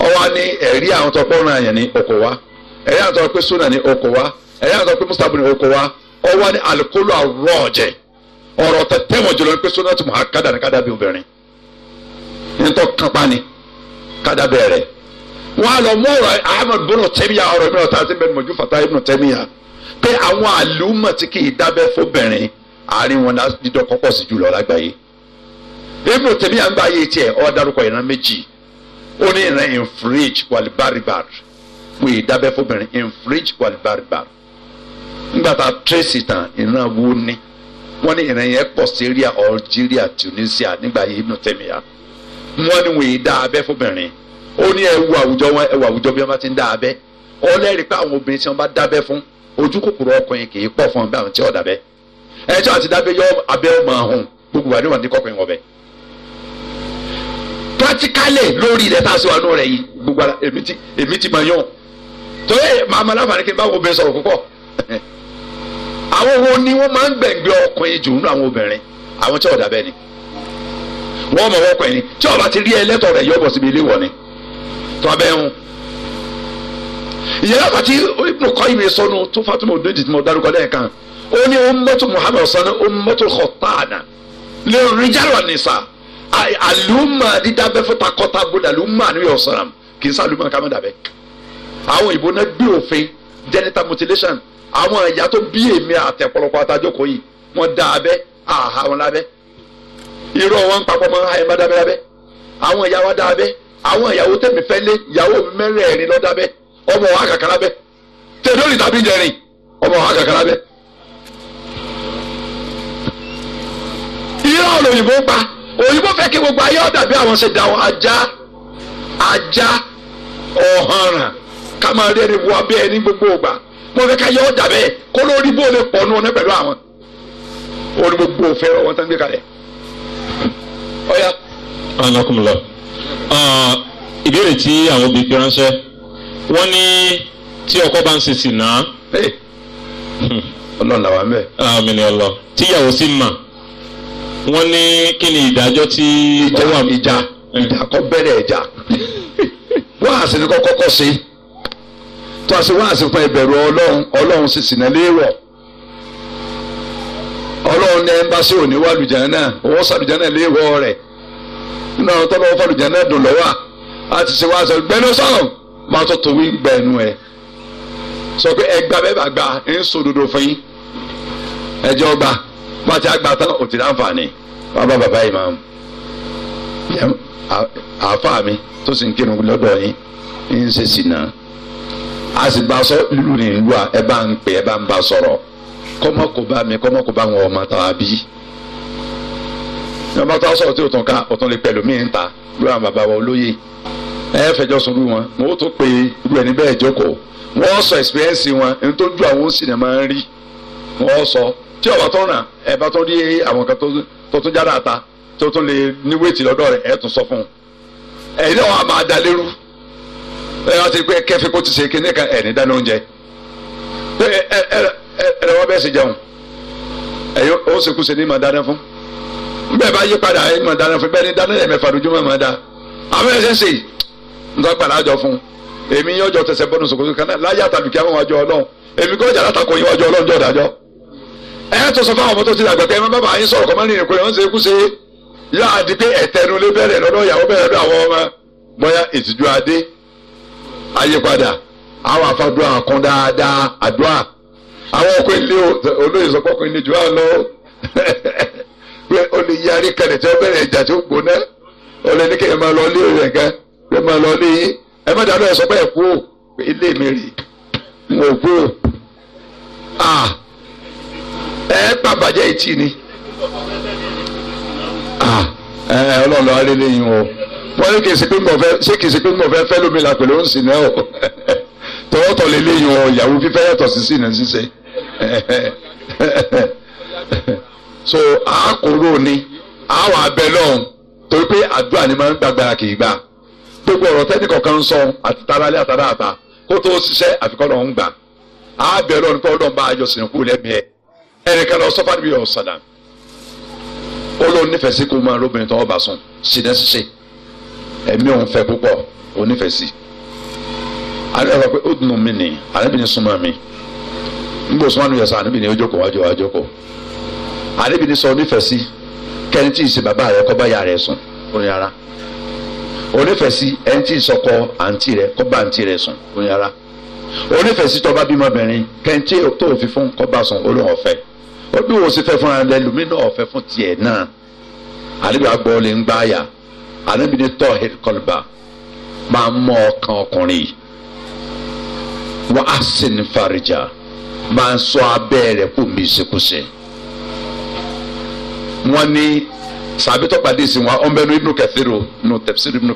ọwọ́ ni ẹ̀rí àwọn tó pọ́nrán àyàn ní oko wa ẹ̀rí àwọn tó pé sunna ní oko wa ẹ̀rí àwọn tó pé mustahabu ní oko wa ọwọ́ ni alikolo arọ́ọ̀jẹ̀ ọ̀rọ̀ tẹ̀wọ̀n jùlọ pé sunna ti mọ̀ akádà ní kádà bí obìnrin nítorí kápá ni kádà bẹ̀rẹ̀ wọn a lọ mú ọ̀rọ̀ ahmed bọ́nà tẹ́míyà ọ̀rọ̀ mi ọ̀tá àti bẹ́ẹ̀ mọ̀jú fata ibùnà tẹ́míyà pé àwọn àlùmọ̀ tí kì í dábẹ́ fóbìnrin àárín wọn dídọ́ kọ́kọ́ sí jùlọ lágbàáyé ibùdó tẹ̀mí à ń bá ayé tiẹ̀ ọ́ darúkọ ìran méjì ó ní ìran infringe walbaribar pé ìdábẹ́ fóbìnrin infringe walbaribar a tracy tán ìran ni wọ́n ní ìran Tunisia nigba ayé ibùdó tẹ̀mí ni wọ́n ní wọ́n yìí dá abẹ́ fóbìnrin ó wọn ẹwù àwùjọ ti àwọn obìnrin fún ojú kòkòrò kì í fún àwọn gbogbo wa ni practically lórí rẹ̀ tá a sọ àánú rẹ̀ yìí gbogbo ara èmi ti èmi ti máa yàn torí màá ma láǹfààní kí n bá wo obìnrin sọ̀rọ̀ púpọ̀ àwọn wo ni wọ́n máa ń gbẹ̀ngbẹ́ ọkùnrin jù nínú àwọn obìnrin àwọn tí ọ̀dà bẹ́ẹ̀ ni wọ́n mọ̀ wọ́pọ̀ ẹni tí ọba ti rí ẹlẹ́tọ̀ rẹ̀ yọ̀bọ̀ síbi ilé wọ̀ tó abẹ́ ń ìyẹn lápá ibùdó kọ́ ìwé sọnù tó fatima odèjì tí mo dárúkọ lẹ́ẹ̀kan ó ní ó mọ́tò muhammed sanu ó mọ́tò kọ̀tàdà lè rí jálọ̀ nìsa àlùmọ̀ dídábẹ́ fún takọ́ta gbọ́dọ̀ àlùmọ̀ àníyàn ọ̀sán kì í sá àlùmọ̀ ká má dàbẹ́. àwọn ìbò bi gbé òfin genital mutilation àwọn ayato tó bí èmi àtẹ̀pọ̀lọpọ̀ àtàjọkọ̀ yìí wọ́n dá abẹ́ àhà wọn lábẹ́ irọ́ wọn ń papọ̀ mọ́ àyè má dábẹ́ lábẹ́ àwọn ìyá wa dá abẹ́ àwọn ìyàwó tèmi fẹ́ lé ìyàwó mẹ́rẹ̀ẹ̀rin lọ́ dábẹ́ ọmọ wa kàkàrà bẹ́ tèmi ò lè tàbí jẹrin ọmọ wa kàkàrà bẹ́ irọ́ òyìnbó òyìnbó fẹ́ kí gbogbo ayé ọ̀dàbí àwọn ṣe dà ajá ajá ọ̀hánràn ká máa rí ẹni bu abẹ́ ẹni gbogbo ògbà mo fẹ́ ká yẹ ọ̀dà bẹ́ẹ̀ kó lórí bó lè pọ̀ nù ọ̀nà pẹ̀lú àwọn òní gbogbo òfẹ́ ọ̀wọ́n tán gbé kalẹ̀ ọ̀yà. anakunla ah, ìbéèrè tí àwọn òbí fi ránṣẹ́ wọ́n ní tí ọkọ bá ń ṣe sì náà. Hmm. ọlọ́run làwọn mẹ́. àmín ni ọlọ tíyàwó sì mà wọ́n ní kí ni ìdájọ́ tí ó wà. ìjà ìjà kọ́ bẹ̀rẹ̀ ìjà wáàsí ni kọ́kọ́ kọ́ sí tó a sì wáàsí fún ìbẹ̀rù ọlọ́run ọlọ́run sì sìnà léèwọ̀ ọlọ́run ní ẹ́mbásí òní wà lùjánà owó sàlùjánà léèwọ̀ rẹ̀ nínú àwọn tọ́lọ́wọ́ fàlùjánà dùn lọ́wọ́ àti ṣe wáàsí gbẹ́nu sọ̀rọ̀ máa tó tó wí gbẹ̀nu ẹ̀ sọ pé ẹgbà bẹ́ẹ̀ bá gbà ń sòdodo fún yín ẹjọ́ gbà má ti àgbà tán ò ti láǹfààní wọn bá bàbá yìí máa ń àáfà mi tó sì ń kírun lọ́dọ̀ yín ń ṣe sì náà a sì bá sọ lílu ní ìlú à ẹ bá ń pè ẹ bá ń bá sọ̀rọ̀ kọ́mọ́ kò bá mi kọ́mọ́ kò wọn ọmọ tàwa bí ní ọmọ tó sọ̀rọ̀ tí o tún ká o tún lè pẹ̀lú mí ń ta lórí àwọn bàbá wa olóye ẹ fẹjọ́ sùn lù wọn wọn ó tún pè irú ẹni bẹ́ẹ̀ jókòó wọ́n sọ experience wọn ẹni tó ju àwọn ó ń rí wọ́n sọ. So tí ọba tó ràn ẹ bá tó rí àwọn kan tó tún jára ta tó tún lè ní wéètì lọ́dọ̀ rẹ̀ ẹ tún sọ fún un ẹ̀yin náà wàá máa da lérú ẹ wá ti pé kẹfí kó ti ṣe kí nìkan ẹ̀ ní dáná oúnjẹ pé ẹ ẹ ẹ ẹ wọ́n bẹ́ẹ̀ sì jẹun ẹ̀yin ó sì kú sí ní máa dáná fún bẹ́ẹ̀ bá yí padà ẹ̀ máa dáná fún bẹ́ẹ̀ ni dáná ẹ̀mẹ́fà lójúmọ́ máa dá àwọn ẹ̀sẹ̀ sè nǹkan gbàdá jọ fún èmi yọjọ tẹsẹ̀ bọ́nu sòkòtò kan náà láyé àtàlùkí àwọn àjọ ọlọ́run èmi kọ́ jà látàkùn yín wájú ọlọ́run jọ̀dájọ́ ẹ tó sọ fún àwọn ọmọ tó ti dàgbà pé ẹ má bàbá yín sọ̀rọ̀ kọ́mọ́nì ìrìnkú rẹ̀ wọ́n ṣe kú ṣe yáa di pé ẹ̀tẹ́nulé bẹ̀rẹ̀ lọ́dọ̀ ìyàwó bẹ̀rẹ̀ lọ́dọ̀ àwọn ọmọ bóyá ìtìjú adé ayípadà àwọn afáduà kan dáadáa àdúà àwọn ọkọ ilé olóyè sọ pọkàn ilé jù á lọ pé o lè yí arí kẹlẹ tí ó bẹ̀rẹ̀ ìjà tí ó gbóná o lè ní kí ẹ máa lọ ilé rẹ̀ nǹkan ẹ máa lọ ilé ẹ má dáná ẹ sọ pé ẹ kú ilé mi rì n ò kú bàjẹ́ ìtì ni ah, ọlọ́run lọ́wọ́ lé lẹ́yìn o wọ́n ní kì í ṣe pé mo fẹ́ fẹ́ lómi la pẹ̀lú òǹsìn náà o tọwọ́tọ̀ lé lẹ́yìn o ìyàwó fífẹ́ yàtọ̀ sí sí ìnà ṣíṣe so àkóró ni àwọn abẹ lọ́hùn torí pé àdúrà ni máa ń gbàgbára kì í gbà gbogbo ọ̀rọ̀ tẹ́nìkọ̀ọ̀kan ń sọ àti taralẹ́ àtàrà àtà kó tó ṣiṣẹ́ àfikọ́ lọ́hùn gbà á bẹ lọ́hùn pé ọlọ́run bá a yọ sìnkú lẹ́mìí ẹ̀ ẹnìkan lọ sọfà níbi ọ̀sàdà ó ló nífẹ̀ẹ́ sí kó máa lóbìnrin tó ọba sùn ṣìnà ṣiṣẹ́ ẹ̀mí òun fẹ́ púpọ̀ ó nífẹ̀ẹ́ sí alẹ́ ọ̀rọ̀ pé ó dùn mí ni àlẹ́bìnrin súnmọ́ mi nígbà òsùnmọ́ ànúyẹ̀ sọ àlẹ́bìnrin ojókòó wájú wájókòó àlẹ́bìnrin sọ nífẹ̀ẹ́ sí kẹ́ni tí ì ṣe bàbá rẹ kọ́ bá yà rẹ sùn ó ní ara onífẹ̀sí ẹni tí ìsọkọ àǹtí rẹ kọ́ bá àǹtí rẹ sùn ó ní ara onífẹ̀sí tó bá bímọ obìnrin kẹ́ntì tó fi fún kọ́ bá sùn olóhùn ọ̀fẹ́ ó bí wọ́n ṣe fẹ́ fúnra rẹ lómi náà ọ̀fẹ́ fún tiẹ̀ náà àníbi àgbọ̀ lè ń gbáyà àníbi ní tọ́ kọlùbà máa mọ ọkàn ọkùnrin wọ́n á sì ní fàríjà máa ń sọ abẹ́ rẹ̀ kó mi ṣekúṣe. wọ́n ní sàbẹ́tọ̀ pàdé ìsìn wa ọmọ ẹnu nù tẹ̀síìrì ibnu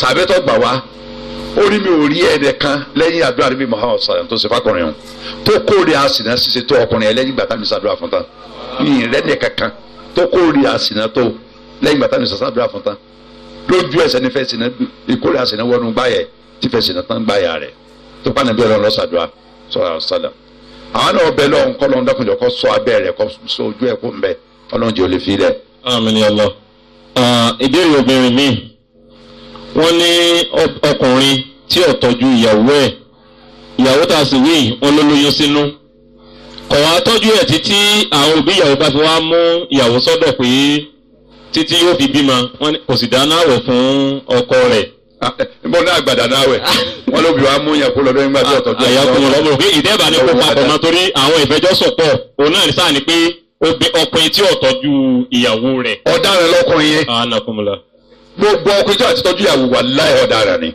sàbẹ́tọ̀ gbà wá ó rí mi ò rí ẹ̀rẹ̀ kan lẹ́yìn àdúrà níbi Muhammad sàlẹ̀ tó ṣe fákùnrin o tó kórè àsìnà ṣíṣe tó ọkùnrin ẹ lẹ́yìn gbàtà mi sàdúrà fún tán yìnyín rẹ̀ ní kankan tó kórè àsìnà tó lẹ́yìn gbàtà mi sàdúrà fún tán lójú ẹsẹ̀ nífẹ̀ẹ́ sìnà ìkórè àsìnà wọnú gbáyẹ̀ tífẹ̀ẹ́ sìnà tán gbáyà rẹ̀ tó bá nàbí ọlọ́run lọ́sàdúrà sàlẹ̀ àwọn náà bẹ lọ́hùn kọ́ lọ́hùn dákùnjọ́ kọ́ sọ abẹ́ rẹ̀ kọ́ sọ ojú ẹ̀ kó ọlọ́run jẹ́ olè fi rẹ̀. àmín ya Allah ah, ìbéèrè obìnrin mi wọ́n ní ọkùnrin tí ò tọ́jú ìyàwó ẹ̀ ìyàwó tá a sì wí wọn ló lóyún sínú kọ̀ wá tọ́jú ẹ̀ títí àwọn òbí ìyàwó bá fi wá mú ìyàwó sọ́dọ̀ pé títí yóò fi bímọ wọn kò sì dáná àwọ̀ fún ọkọ rẹ̀ nbọ náà gbàdá náà wẹ wọn ló bí wa mú yàn kó lọ lóyún gbàdúrà tọjú ọjọ àyàkùn lọmọ òkè ìdẹ́bà ni kó papọ̀ mọ́ torí àwọn ìfẹjọ́sọ̀ pọ̀ òun náà sáà ni pé ọkùnrin tí ò tọ́jú ìyàwó rẹ̀. ọ̀daràn lọkùnrin yẹn gbogbo ọkùnrin tí wàá ti tọ́jú ìyàwó wà láì ọ̀daràn ni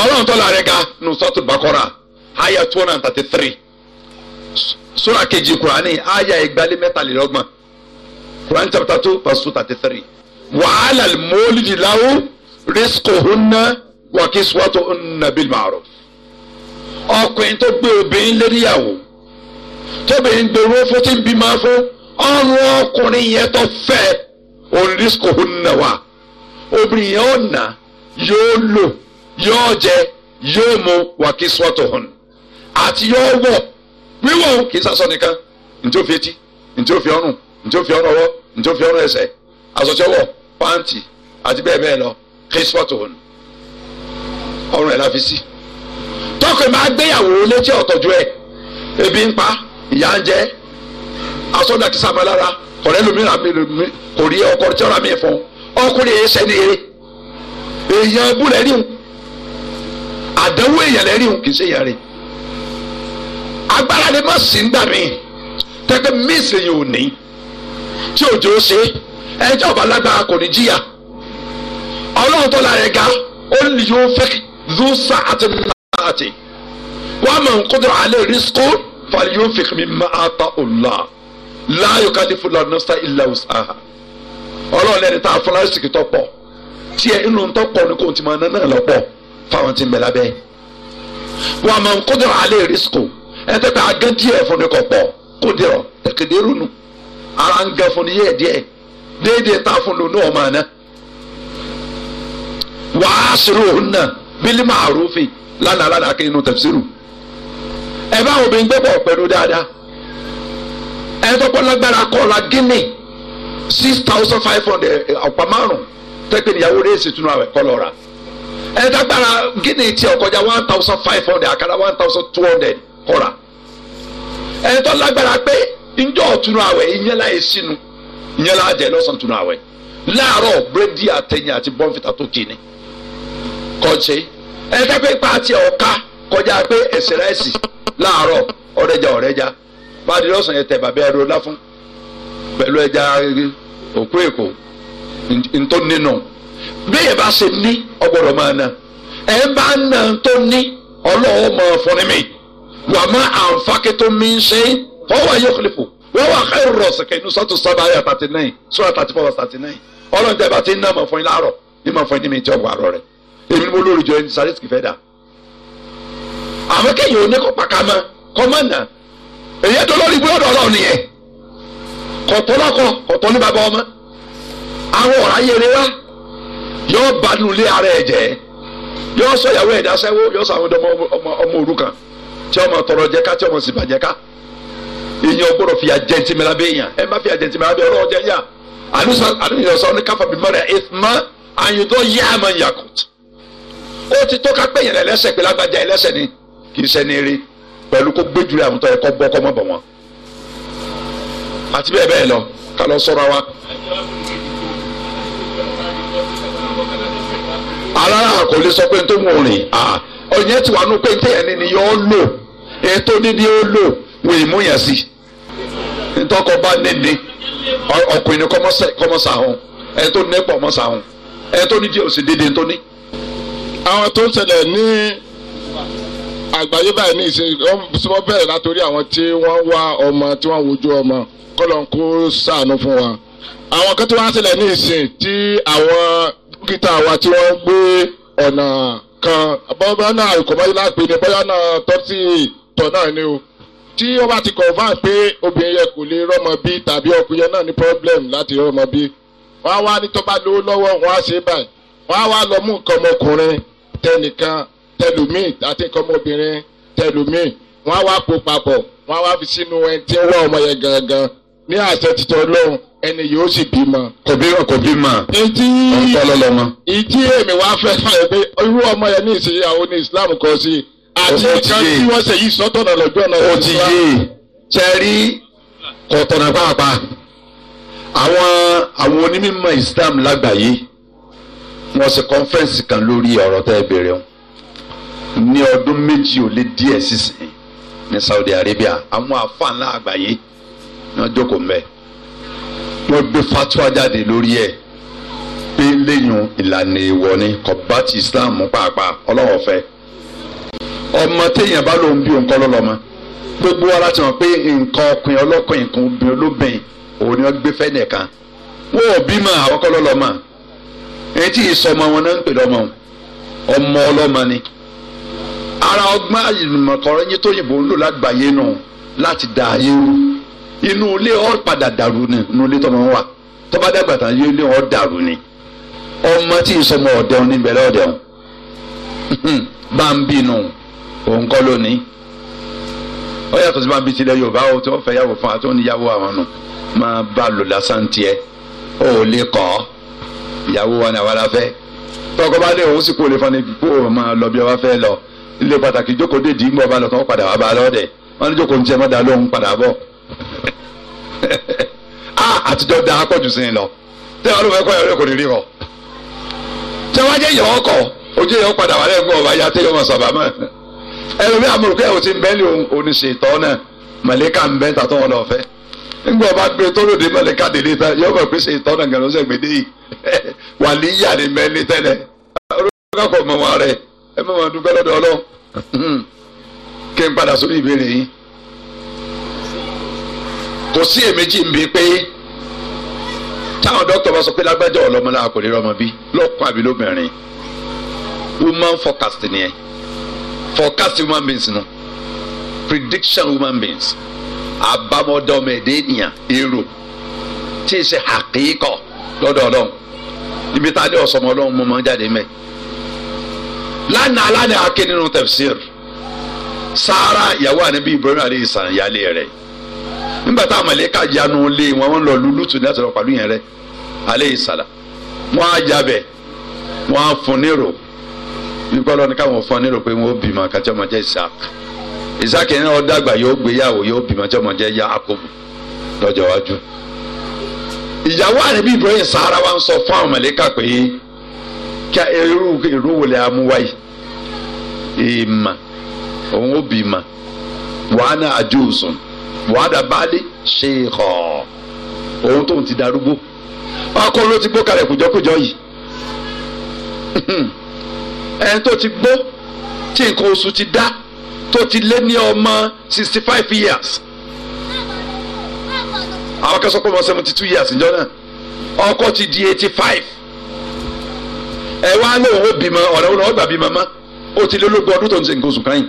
ọlọ́run tọ́lá rẹ̀ ga nù sọ́tù bàkọ́rà àyà two hundred and thirty three sura kejì kurani àyà ìgbàlẹ̀ mẹ́tàlélọ́gbọ̀n kurani chapter two verse two thirty three wàhálà mọ́lìdìláwó rìsíkòhúnná wàkísùwàtò nàbìl màrúf ọkùnrin tó gbé obìnrin léríyàwó tóbìnrin gbèrú fún tí ń bímọ fún ọrùn ọkùnrin yẹn tó fẹ́ òun rìsíkòhúnná wà obìnrin yẹn ó nà yóò lò yóò jẹ yóò mu wàkí sọ́tò hàn àti yóò wọ̀ wíwọ̀ kì í sasọ nìkan ntí ó fi etí ntí ó fi ọrùn ntí ó fi ọrùn ọwọ́ ntí ó fi ọrùn ẹsẹ̀ asọ̀tẹ́wọ̀ pàǹtì àti bẹ́ẹ̀ bẹ́ẹ̀ lọ kí sọ́tò hàn ọrùn ẹ̀ la fi sí tọkọ máa gbéyàwó létí ọ̀tọ̀jú ẹ̀ ebi ń pa ìyá ń jẹ asọ́dà kìsàmálára kọ̀rẹ́ lómìnira mi kò rí ọkọ̀ tí ọ̀rá mi fún un ọkùnrin yẹn sẹ́ni eré èèyàn ẹbú rẹ̀ rí o àdánwò èèyàn rẹ̀ rí o kì í ṣe èèyàn rẹ̀ agbára rẹ̀ má sí nígbà míì tẹ́tẹ́ míìsì yìí ò ní tí òjò ṣe ẹjọ́ ọba lágbára kò ní jìyà ọlọ́run tó la rẹ̀ ga ó lè yóò fẹ́ zu sa àti nà àti wàá mọ̀ nkúndùn alẹ́ rìsíkò fàlẹ́ yóò fi mi má ta òun la láàyò ká lè fún lọ́nà sá ilà ọ̀sán. ọlọ́run lẹ́ni tá a fún lásìkò tó pọ̀ tiẹ̀ inú tó pọ̀ ni kò tí ma ná náà lọ́pọ̀ fáwọn tí ń bẹ lábẹ́ wọn máa ń kódà alẹ́ rìsíkò ẹ tẹ́ agán díẹ̀ fún pọ̀ kó rúnu ara ń gẹ fún ni yẹ́ díẹ̀ déédéé tá a fún lónú ọmọ àná wàá sọrọ òun náà bílí máa rúfin lánàá lánàá kí inú tẹ̀síìrù ẹ bá obìnrin gbé pẹ̀lú dáadáa ẹ tọ́pọ̀ lágbára kọ́ la gíní. six thousand five hundred eh, ọ̀pá márùn tẹ́pẹ́ níyàwó rẹ̀ èsì túnú àwẹ̀ kọ́lọ̀ rà ẹ̀ dágbára gíní tí ọkọjá one thousand five hundred àkàrà one thousand two hundred kọ́ra ẹ̀ tó lágbára pé njọ́ ọ̀túnú àwẹ̀ ìyẹn láyé sínú ìyẹn láyé jẹ́ lọ́sàn-án túnú àwẹ̀ láàárọ̀ búrẹ́dì àtẹ̀yìn àti bọ́ǹfìtà tó kì ní kọ́ńṣe ẹ̀ dágbé pa àti ọ̀ka kọjá pé ẹ̀sẹ̀ rẹ̀ sì láàárọ̀ ọ̀rẹ́jà ọ̀rẹ́jà bá a di lọ́sàn-án yẹn tẹ̀ bàbá ẹ̀rọ lá fún pẹ̀lú ẹja òkú èkó ntọ́ nínú bẹ́ẹ̀ bá ṣe ní ọgbọ́dọ̀ máa na ẹ̀ ń bá na tó ní ọlọ́wọ́ máa fún mi wà má àǹfààkì tó mi ń ṣe ọwọ́ yóò kílẹ̀ fò wọ́n wà ká ìrọ̀ ṣẹ̀kẹ̀ inú sọ́tún sábà ayà thirty nine sọ́ra thirty four thirty nine ọlọ́run tẹ́ bá ti ń ná mọ̀ fún yín láàárọ̀ ní mọ̀ fún yín ní mi jẹ́ ọ̀gbọ̀n àrọ̀ rẹ̀ èmi ni mo lórí jọ ẹni sàrẹ́sìkì fẹ́ dà àmọ́ kéèyàn oníkọ̀pá ká mọ́ kọ́ mọ́ nà èyí ẹ̀ tó lórí ibú lọ́dọ̀ ọlọ́run nìyẹn kọ̀tọ́ lọ́kọ̀ kọ̀tọ́ ní bàbá ọmọ àwọn ọ̀rá yẹrẹ wa yóò banu lé ara ẹ̀ jẹ́ yóò sọ ìyàwó ẹ̀ dasẹ́wó yóò sọ àwọn ọmọ ọmọ òrukàn tí ọmọ tọrọ jẹ ká tí ọmọ sì bàjẹ́ ká èèyàn gbọ́dọ̀ fìyà jẹ ntìmẹ́lá bẹ́ẹ̀ yàn ẹ má fìyà jẹ ntìmẹ́lá bẹ́ẹ̀ ọlọ́ọ̀jẹ yàn àlùsọ àlùsọ ní káfà bímọ rẹ ìfúnmá àyùntọ́ yá yakut ó ti tó ká pẹ́yìn ẹlẹ́sẹ̀ pé lágbájá ni kì í sẹ́ni eré pẹ̀lú kó gbẹ́jùlẹ̀ àwọn tó yẹ kó bọ́ kọ́ mọ́ bọ̀ wọ́n àti bẹ́ẹ̀ bẹ́ẹ̀ lọ ká lọ sọ́ra wa. alára kò lè sọ pé tó ń rìn ọ̀yẹ́ tí wà nù pé téèyàn ní ni yọ ọ́ lò ètò nídìí ó lò wò ìmú yẹn sí ntọ́kọ bá nídìí ọkùnrin kọ́mọ́sà ọ̀hún ẹ̀ tó ní pọ̀ mọ́sà ọ̀hún ẹ̀ tó ní díẹ̀ òsì dídì tó ní. àwọn tó ń ṣẹlẹ̀ ní àgbáyé báyìí ní ìṣe wọ́n bẹ̀rẹ̀ látòrí àwọn tí wọ́n wá ọmọ tí wọ́n wojú ọmọ kọ́lọ́n kó sànú fún wa. àwọn kan tí wọ́n á ṣẹlẹ̀ ní ìsìn tí àwọn dókítà wa tí wọ́n gbé ọ̀nà kan bọ́bá náà ìkọ̀mọ́yé láàpẹ ní bọ́yá náà tọ́tí tọ̀ náà ni o tí wọ́n bá ti kọ̀ọ̀fà pé obìnrin yẹn kò lè rọ́mọ bí tàbí ọkùnrin yẹn náà ní problem láti rọ́mọ bí wọ́n á wá ní tó bá lówó lọ́wọ́ wọ́n á ṣe báyìí wọ́n á wá lọ mú nǹkan ọmọkùnrin tẹnìkan tẹlùmíì àti nǹkan ọmọbìnrin tẹlùmíì wọ́n á wá pò papọ̀ wọ́n á wá fi sínú ẹni tí ń wá ọmọ yẹn gangan ní àṣẹ títọ́ ọlọ́run ẹni yóò sì bímọ. kò bímọ kò bímọ. etí ọ̀tọ̀ èmi wá fẹ́ fàyè pé irú ọmọ yẹn ní ìsìnyàwó ní Islam kọ sí i. àti nǹkan tí wọ́n ṣe yìí sọ́tọ̀nà lọ́jọ́ náà. o ti yé ṣe rí pàápàá àwọn àwọn onímọ̀ Islam lágbàáyé wọ́n ṣe kọ́nfẹ́ǹsì kan lórí ọ̀rọ̀ tẹ́ ẹ bèrè wọn ní ọdún méjì ó lé díẹ̀ sísìn ní Saudi Arabia àwọn àfa ńlá àgbáyé wọ́n jókòó mbẹ́ wọ́n gbé fatwa jáde lórí ẹ̀ pé lẹ́yìn ìlànà ìwọ ni kọ̀bá ti Islam pàápàá ọlọ́wọ́ fẹ́ ọmọ téèyàn bá lòun bí òun kọ́ lọ́lọ́mọ gbogbo ara ti hàn pé nǹkan ọkùnrin ọlọ́kùnrin nǹkan obìnrin olóbìnrin òun ni wọ́n gbé fẹ́ nìkan wọn ò bímọ àwọn kọ́ lọ́lọ́mọ èyí tí ìsọmọ wọn náà ń pè lọ́mọ ọmọ ọlọ́mọ ni ara ọgbọ́n àyùmọ̀kọ́rẹ́yìn tóyìnbó ń lò lágbàáyé nù láti dá ayé rú inú ilé ọ padà dàrú ni inú ilé tọmọ wa tọba dàgbà tán yé ilé ọ dàrú ni ọmọ tí ìsọmọ ọdẹun ní bẹ̀rẹ̀ ọdẹun bá ń bínú òun kọ́ lónìí ó yàtọ̀ sí bá ń bí tilẹ̀ Yorùbá o tó fẹ́ yàwó fún wa tó ń yàwó àwọn nù máa bá lò lásán tiẹ̀ ó lè kọ́ ìyàwó wa ni àwa la fẹ́ tọkọ bá lé òun sì kó lè fani kó o máa lọ bí ọba fẹ́ lọ ilé pàtàkì jókòó dé dìímù ọba lọ tán ó padà wà bá lọ́ọ̀dẹ̀ wọn ní jókòó ń tiẹ̀ mọ́ da lóhun padà bọ̀. Ah, àtijọ́ da akọ́jù sí lọ tẹ́ wàá ló fẹ́ kọ́ ẹ̀rọ ẹ̀kọ́ ní rí jẹ́ yọọ ojú yọ padà wà lẹ́gbẹ̀ẹ́ ọba ya yọ wọn sábà mọ́ ẹlòmí àmọ̀rùkẹ́ ò ti ń bẹ́ẹ̀lì oníṣètọ́ náà mọ̀lẹ́kà ń bẹ́ẹ̀ tàtọ́ wọn ọba gbé tán yọ náà gbèdé yìí wà ní yà olùkọ́ kò sí èméjì ń bi pé táwọn dókítà bá sọ pé lágbájá ọlọmọ kò lè rọmọ bí woman forecast nìyẹn forecast beings nù prediction human beings àbámọ̀dá èrò tí ì àkíkọ ibi tá a ní ọ̀sọ̀mọ mo máa ń jáde mẹ lánàá lánàá nínú sáárà ìyàwó nígbà tá yanu lé wọn wọn lọ lulútu ní àtọ̀rọ̀ pàlú yẹn rẹ aleyhi sàlá wọn á jabẹ wọn á fún nírò nígbà lọ ní káwọn fún nírò pé wọn ó bímọ kàtí isaac isaac yẹn dàgbà yóò gbéyàwó yóò lọ́jọ́ ìyàwó àrẹ̀bí ibrahim sahara wa ń sọ fún àwọn mẹ̀lẹ́kà pé kí irú irú wo lè ìmà òun ó fuada baálé ṣèkọ òun tóun ti darúgbó ọkọ ló ti gbó kalẹ̀ kùjọ́kùjọ́ yìí ẹni tó ti gbó tí nǹkan oṣù ti dá tó ti lé ní ọmọ sixty five years àwọn kan sọ pé ọmọ seventy two years ǹjọ́ náà ọkọ ti di eighty five ẹ wá lóun ó bímọ ọ̀rẹ́ òun ọgbà bímọ mọ́ ó ti lé lógún ọdún tó ń ṣe nǹkan oṣù kan yìí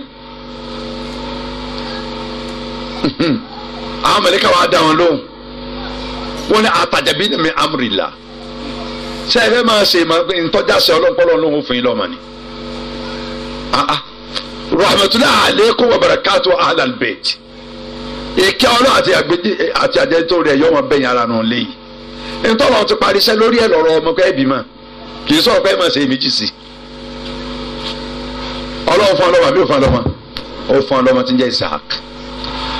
àwọn mẹlẹkà wa dá wọn lóhùn wọn ni àtàjàbí ni mi amúrìlá ṣe ẹ fẹ́ máa ṣe ma ntọ́jà ṣe ọlọ́pọ̀lọ́ lóhùn fún yín lọ́mọ ni ah, ah. rahmatulah aleikum wa barakatu ahlal bait ìkẹ́ ọlọ́ àti àgbẹ̀dì àti àjẹtò rẹ̀ yọ̀ wọn bẹ̀yìn ara nù léyìí ntọ́lọ́ ti parí iṣẹ́ lórí ẹ̀ lọ́rọ̀ ọmọ kẹ́ bímọ kì í sọ̀rọ̀ fẹ́ máa ṣe méjì sí ọlọ́run fún ọlọ́mọ àbí òfin ọlọ́mọ òfin ọlọ́mọ ti ń jẹ́ Isaac.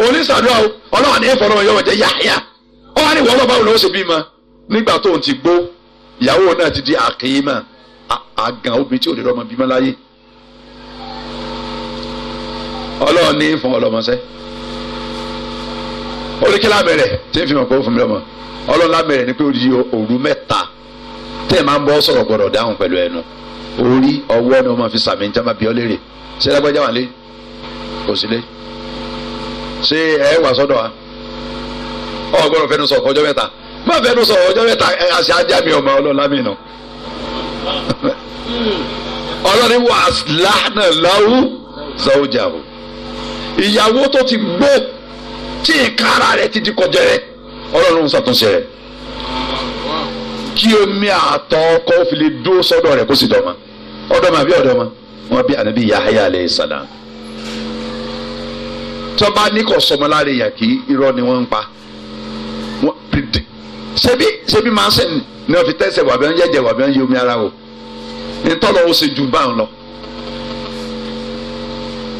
òun ní sàdúrà o ọlọ́wà ní ìfọ̀rọ̀ yọ̀wọ̀ jẹ́ yáyà ó wá ní ìwọ ọlọ́ba òun ló ṣe bímọ nígbà tó ń ti gbó ìyàwó náà ti di àkéémà àgàn obìnrin tí ò lè rọmọ bímọ láyé ọlọ́run ní ọlọ́mọṣẹ́ tí ń fi hàn ni pé ó òru mẹ́ta tẹ́ ẹ̀ máa ń bọ́ sọ̀rọ̀ gbọ́dọ̀ dáhùn pẹ̀lú ẹnu orí ọwọ́ ni wọ́n máa fi sàmì ń jábàbí ọ lérè ṣé lágbájá wà lé kò ṣé ẹ wà sọ́dọ̀ wa ọ gbọ́dọ̀ fẹnu sọ ọjọ́ mẹ́ta má fẹnu sọ ọjọ́ mẹ́ta àṣà ajá mi ọmọ ọlọ́lá mi nà ọlọ́ni wà láàánà láwù sọ́jà o ìyàwó tó ti gbó tí ìkara rẹ̀ ti di kọjá rẹ̀ ọlọ́run ń ṣàtúnṣe rẹ̀ kí omi àtọ̀ ọkọ fi lè dúró sọ́dọ̀ rẹ̀ kó sì dọ̀ ma ọ̀dọ̀ ma bí ọ̀dọ̀ ma wọn bí anabi Yahaya alayhi salam tọ́ba ní kò sọmọ lára èèyàn kì í irọ́ ni wọ́n ń pa ṣebí ṣebí máa ń sẹ̀ ní ọ̀fi tẹ́sẹ̀ wà bí wọ́n jẹ́jẹ́ wà bí wọ́n yẹ omi ara o ní tọ́lọ̀ ó ṣe ju báwọn lọ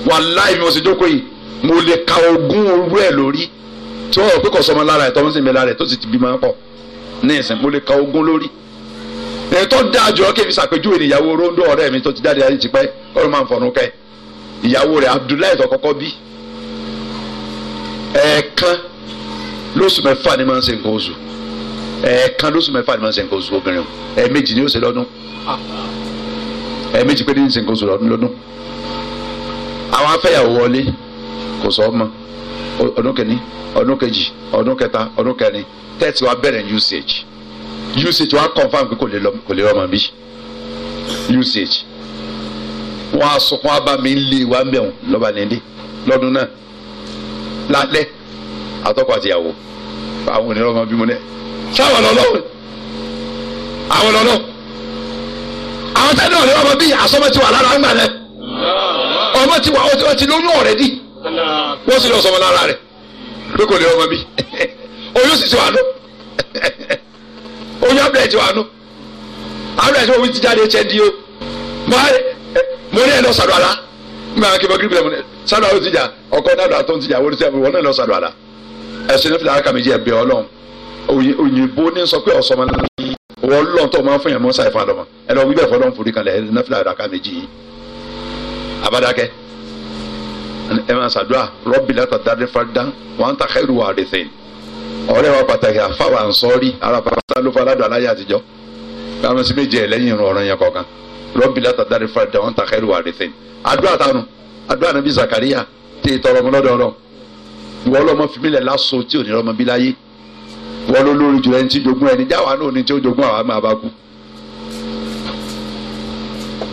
wàláì mi ò ṣe jókòó yìí mo lè ka ogún orú ẹ̀ lórí tí wọ́n rò pé kò sọmọ lára ẹ̀ tọ́mọ́sìn mi lára ẹ̀ tó sì ti bí máa ń pọ̀ ní ìsìn mo lè ka ogún lórí ètò dájú ọ kébi sàpèjúwe níyàwó rondo ọ̀rẹ́ mi tó ti dáadé ayé ti pẹ́ kọrọ máa ń fọnù kẹ ìyàwó rẹ̀ Abdullahi tó kọ́kọ́ bí ẹ̀ẹ̀kan lóṣù mẹ́fà ni máa ń ṣe nǹkan oṣù ẹ̀ẹ̀kan lóṣù mẹ́fà ni máa ń ṣe nǹkan oṣù obìnrin o ẹ̀ẹ̀mejì ni ó ṣe lọ́dún ẹ̀ẹ̀mejì pé ní ṣe nǹkan oṣù lọ́dún lọ́dún àwọn afẹ́yàwó wọlé kò sọ ọmọ ọdún kìíní ọdún kejì ọdún kẹta ọdún kẹrin tẹ́tí wa bẹ̀rẹ̀ usage usage wa confam pé kò lè lọ́mọ bí usage wọ́n á sọ fún abami ńlé wa ń bẹ̀ wọ́n lọ́ba nílé lọ́dún náà lálẹ́ àtọkọ àtìyàwó àwọn ènìyàn ọmọ bímọ dẹ sáwọn lọlọrun àwọn lọlọrun àwọn tẹ́lẹ̀ ọ̀rẹ́ ọmọ bíi àsọmọ ti wà lára ń gbà dẹ ọmọ ti wà ó ti lóyún ọ̀rẹ́ dì wọ́n sì lọ sọmọ lára rẹ̀ pé kò lè ọmọ bíi oyún sì ti wà nù oyún abúlé ti wà nù abúlé ti wà wí ti jáde ẹ̀ tiẹ̀ di o mo rí ẹ lọ sàdọ̀ àlá mbẹ akẹ bá kirikiri ẹmu sadu awo ti jà ọkọ dadu atọ ti jà wọlé ti jà wọn náà lọ sadu ala ẹsẹ ní filaka méjì ẹbí Ọlọ́run òyìnbó ní sọ pé ọsọ máa ní wọn lọtọ máa fún yàn mọ sáyẹn fún àdọmọ ẹ lọ wíwẹ fọlọ nfori kan lẹ ẹ ní filaka méjì yìí abadakẹ ẹ máa sàdúrà rọbì látà dáadé fàdá wọn ta kẹrù wà ọ̀rẹ́ wa pàtàkì àdúrà tanu àdúrà nàbí Zakaria tẹ ìtọrọ ọmọ lọ́dọ̀ ọlọ ìwọ ọlọmọ fìmílẹ lásán tí ò ní ọmọ bí láyé ìwọ ló lórí jùlọ ẹni tí jogún ẹni jáwa náà ní tí ó jogún àwa máa bá kú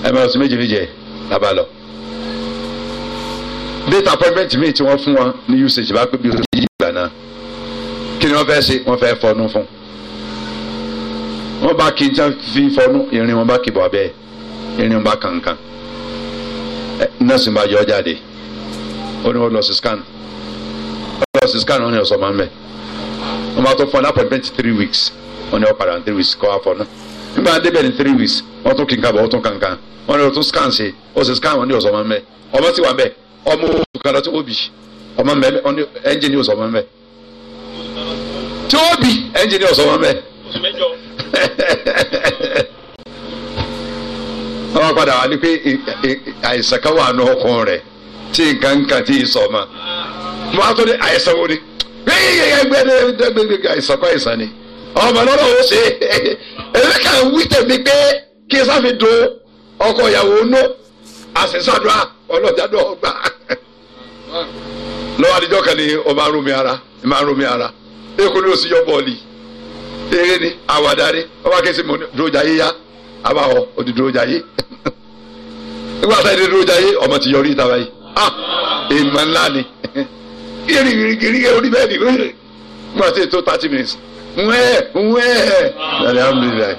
ẹ máa sún méjì méjì ẹ bàbá appointment mi tí wọ́n fún wọn ní usage bá pé o ti yí ìgbà náà kí ni wọ́n fẹ́ ṣe wọ́n fẹ́ fọnú fún wọ́n bá kí n tí wọ́n fi fọnú irin wọ́n bá kí bọ̀ abẹ́ irin wọ́n bá kankan. Eh, nọ́ọ̀sì máa yọ jáde ó ní wọ́n lọ sí scan ó lọ sí scan wọ́n ní ọ̀sán máa ń bẹ̀ wọ́n máa tó fún ọ ní appointment three weeks wọ́n ní ọ̀padà three weeks kọ́ àfọ̀ náà nígbà débẹ̀ ní three weeks wọ́n tún kíkan bọ̀ wọ́n tún kankan wọ́n ní ọ̀tún scan ṣe ó sì scan wọ́n ní ọ̀sán máa ń bẹ̀ ọmọ sì wà ń bẹ̀ ọmọ oṣù kan lọ tí ó bì ọmọ mẹ́ ẹ́ńjìnì ọ̀sán máa ń bẹ̀ tí ó bì ẹ́ńjìnì ọ̀sán máa ń bẹ̀. wọ́n padà wá ní pé àìsàn kan wà ní ọkùnrin tí nǹkan kan ti sọ ma wọ́n tó ní àìsàn wo ni gbẹ́gbẹ́gbẹ́ àìsàn àìsàn ni ọmọ lọ́rọ̀ ó ṣe èmi kàn wí tèmi pé kí n sáfi do ọkọ ìyàwó nú àṣìṣàdúrà ọlọ́jàdọ̀ ọgbà lọ́wọ́ adijọ́ kan ni ọ máa ń máa ń yọ bọ́ọ̀lì eré ni mọ̀ ní yíyá. àbáwọ ó ti dúró jayé nígbà tá a ti dúró jayé ọmọ ti yọrí ìta báyìí ah èèmọ̀ ńlá ni kirikiri orí bẹ́ẹ̀ ni nígbà tí ètò thirty minutes nwẹ́ẹ̀ nwẹ́ẹ̀ alhamdulilayi.